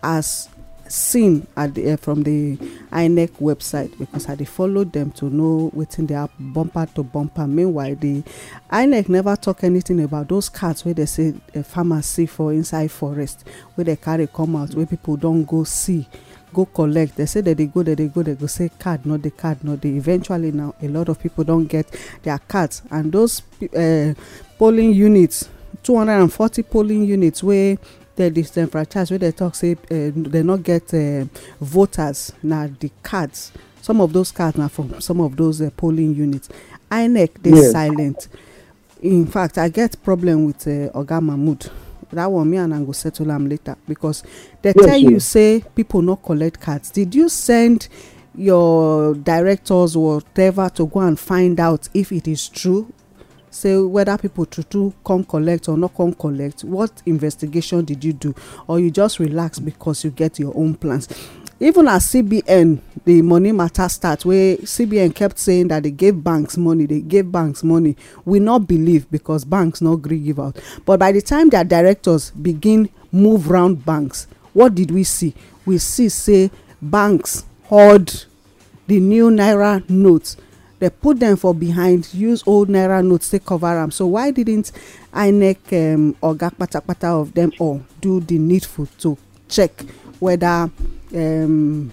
as seen at the, uh, from the INEC website because I followed them to know within their bumper to bumper. Meanwhile, the INEC never talk anything about those cars where they say uh, pharmacy for inside forest where they carry come out where people don't go see. go collect They say that they go that they go they go say card not the card no dey eventually now a lot of people don't get their cards and those uh, polling units 240 polling units where dem disenfranchised, where they talk say uh, they not get uh, voters now the cards some of those cards now from some of those polling units inec dey silent in fact i get problem with oga mahmood that one me and i go settle am later because they tell you say people no collect cards did you send your directors or whatever to go and find out if it is true say whether people true true come collect or no come collect what investigation did you do or you just relax because you get your own plans even as cbn the money matter start wey cbn kept saying that they gave banks money they gave banks money we not believe because banks no gree give out but by the time their directors begin move round banks what did we see we see say banks hoard the new naira notes they put them for behind use old naira notes take cover am so why didn't inec um, oga patapata of them all do the needful to check whether um,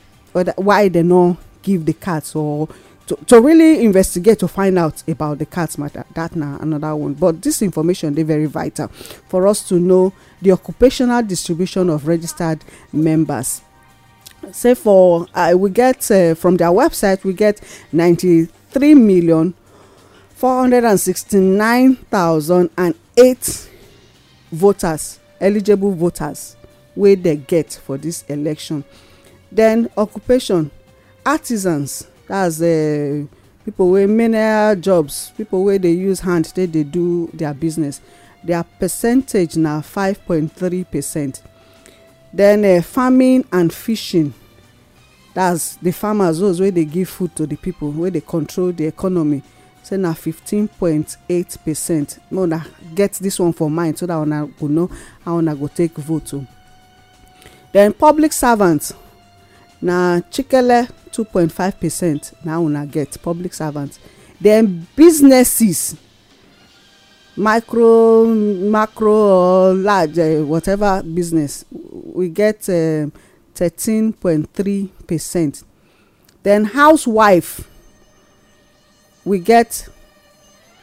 why they not give the cats or to, to really investigate to find out about the cats matter that now another one but this information they very vital for us to know the occupational distribution of registered members say for uh, we get uh, from their website we get ninety three million four hundred and sixty nine thousand and eight voters eligible voters wey they get for this election then occupation artisans that's uh, people wey manual jobs people wey dey use hand take dey do their business their percentage na five point three percent then uh, farming and fishing that's the farmers those wey dey give food to the people wey dey control the economy say na fifteen point eight percent make una get this one for mind so that una go know how una go take vote o. Oh. then public servants na chikele two point five percent na una get public servant then businesses micro macro or large uh, whatever business we get eh, thirteen point three percent then housewife we get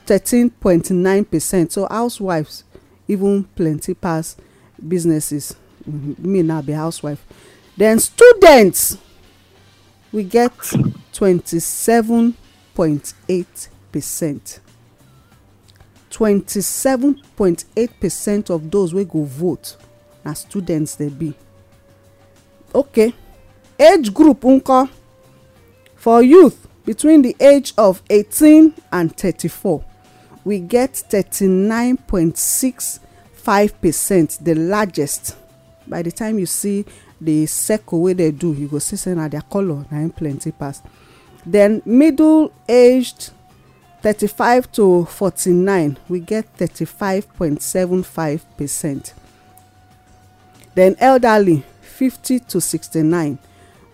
thirteen point nine percent so housewives even plenty pass businesses mm-hmm. me na be housewife then students we get twenty seven point eight percent Twenty seven point eight percent of those wey go vote na students dey be okay age group nko for youth between the age of eighteen and thirty four, we get thirty nine point six five percent the largest by the time you see the circle wey dem do you go see say na their colour na im plenty pass then middle aged thirty-five to forty-nine we get thirty-five point seven five percent then elderly fifty to sixty-nine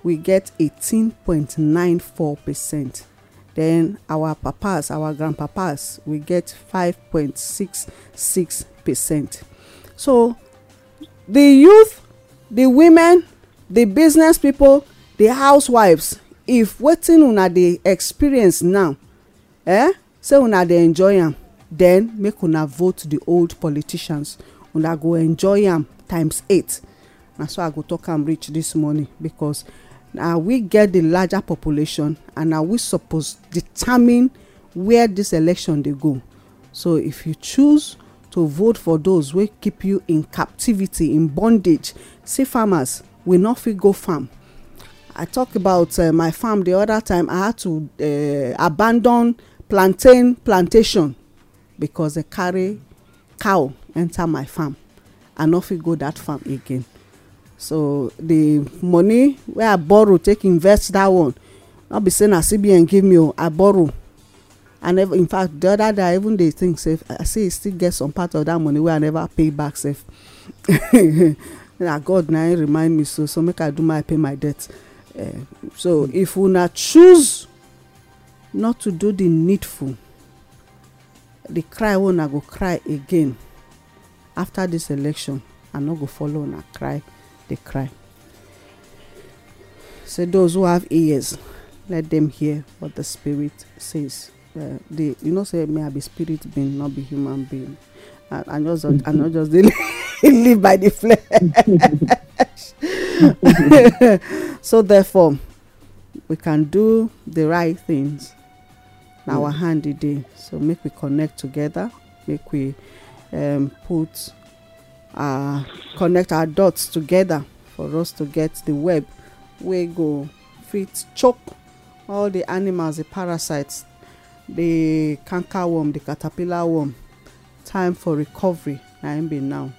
we get eighteen point nine four percent then our papas our grandpapas we get five point six six percent so the youth the women the business people the housewives if wetin una dey experience now eh say una dey enjoy am then make una vote the old politicians una go enjoy am times eight na so i go talk am reach this morning because na we get the larger population and na we suppose determine where this election dey go so if you choose to vote for those wey keep you in captivity in bondage see farmers we no fit go farm i talk about uh, my farm the other time i had to uh, abandon plantain plantation because they carry cow enter my farm i no fit go that farm again so the money wey i borrow take invest that one no be say na cbn give me o i borrow and in fact the other day even dey think say i say e still get some part of that money wey i never pay back sef [LAUGHS] na god na him remind me so so make i do my pay my debt uh, so if una choose not to do the needful the cry wey una go cry again after this election i no go follow una cry dey cry say so those who have ears let them hear what the spirit says uh, you know say may i be spirit being, not be human being and i just mm-hmm. i not just [LAUGHS] live by the flesh [LAUGHS] so therefore we can do the right things in mm. our handy day so make we connect together make we um, put uh, connect our dots together for us to get the web we go fit choke all the animals the parasites the canker worm the caterpillar worm time for recovery na im be now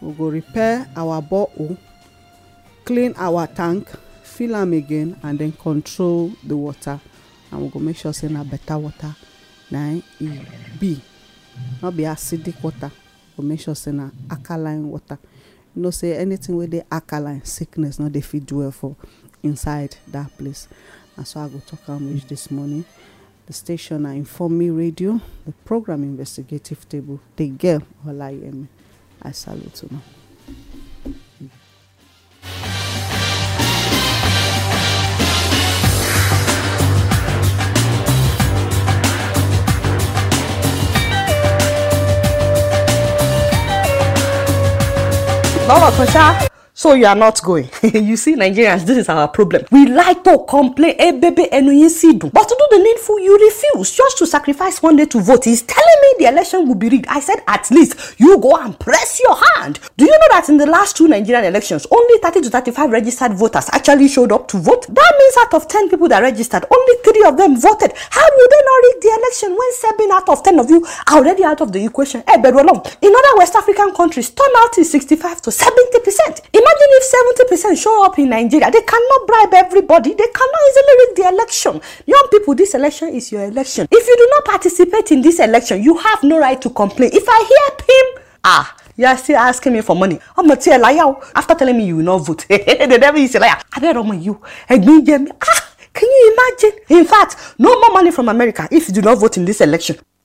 we go repair our borehole clean our tank fill am again and then control the water and we go make sure say na better water na e be no be acidic water we go make sure say na alkaline water you know say anything wey dey alkaline sickness no dey fit dwell for inside that place na so i go talk am reach this morning The station are Inform Me Radio, the program investigative table, They give all I salute them. lọ́rọ̀ kan ṣá so you are not going [LAUGHS] you see nigerians this is our problem we like to complain ebebe eh, ẹnu yín sì dùn but to do the needful you refuse just to sacrifice one day to vote he's telling me the election will be rigged i said at least you go and press your hand do you know that in the last two nigerian elections only thirty to thirty-five registered voters actually showed up to vote that means out of ten people that registered only three of them voted how will they not rig the election when seven out of ten of you are already out of the equation Eh, bẹ̀rù in other west african countries turnout is sixty-five to seventy percent Imagine if 70% show up in Nigeria. They cannot bribe everybody. They cannot easily rig the election. Young people, this election is your election. If you do not participate in this election, you have no right to complain. If I hear him, ah, you are still asking me for money ọmọ tí ẹ láyà after telling me you will not vote [LAUGHS] the devil is a liar abẹ́rẹ́ ọmọ yìí o ẹ̀gbìn jẹ mi ah can you imagine in fact no more money from America if you do not vote in this election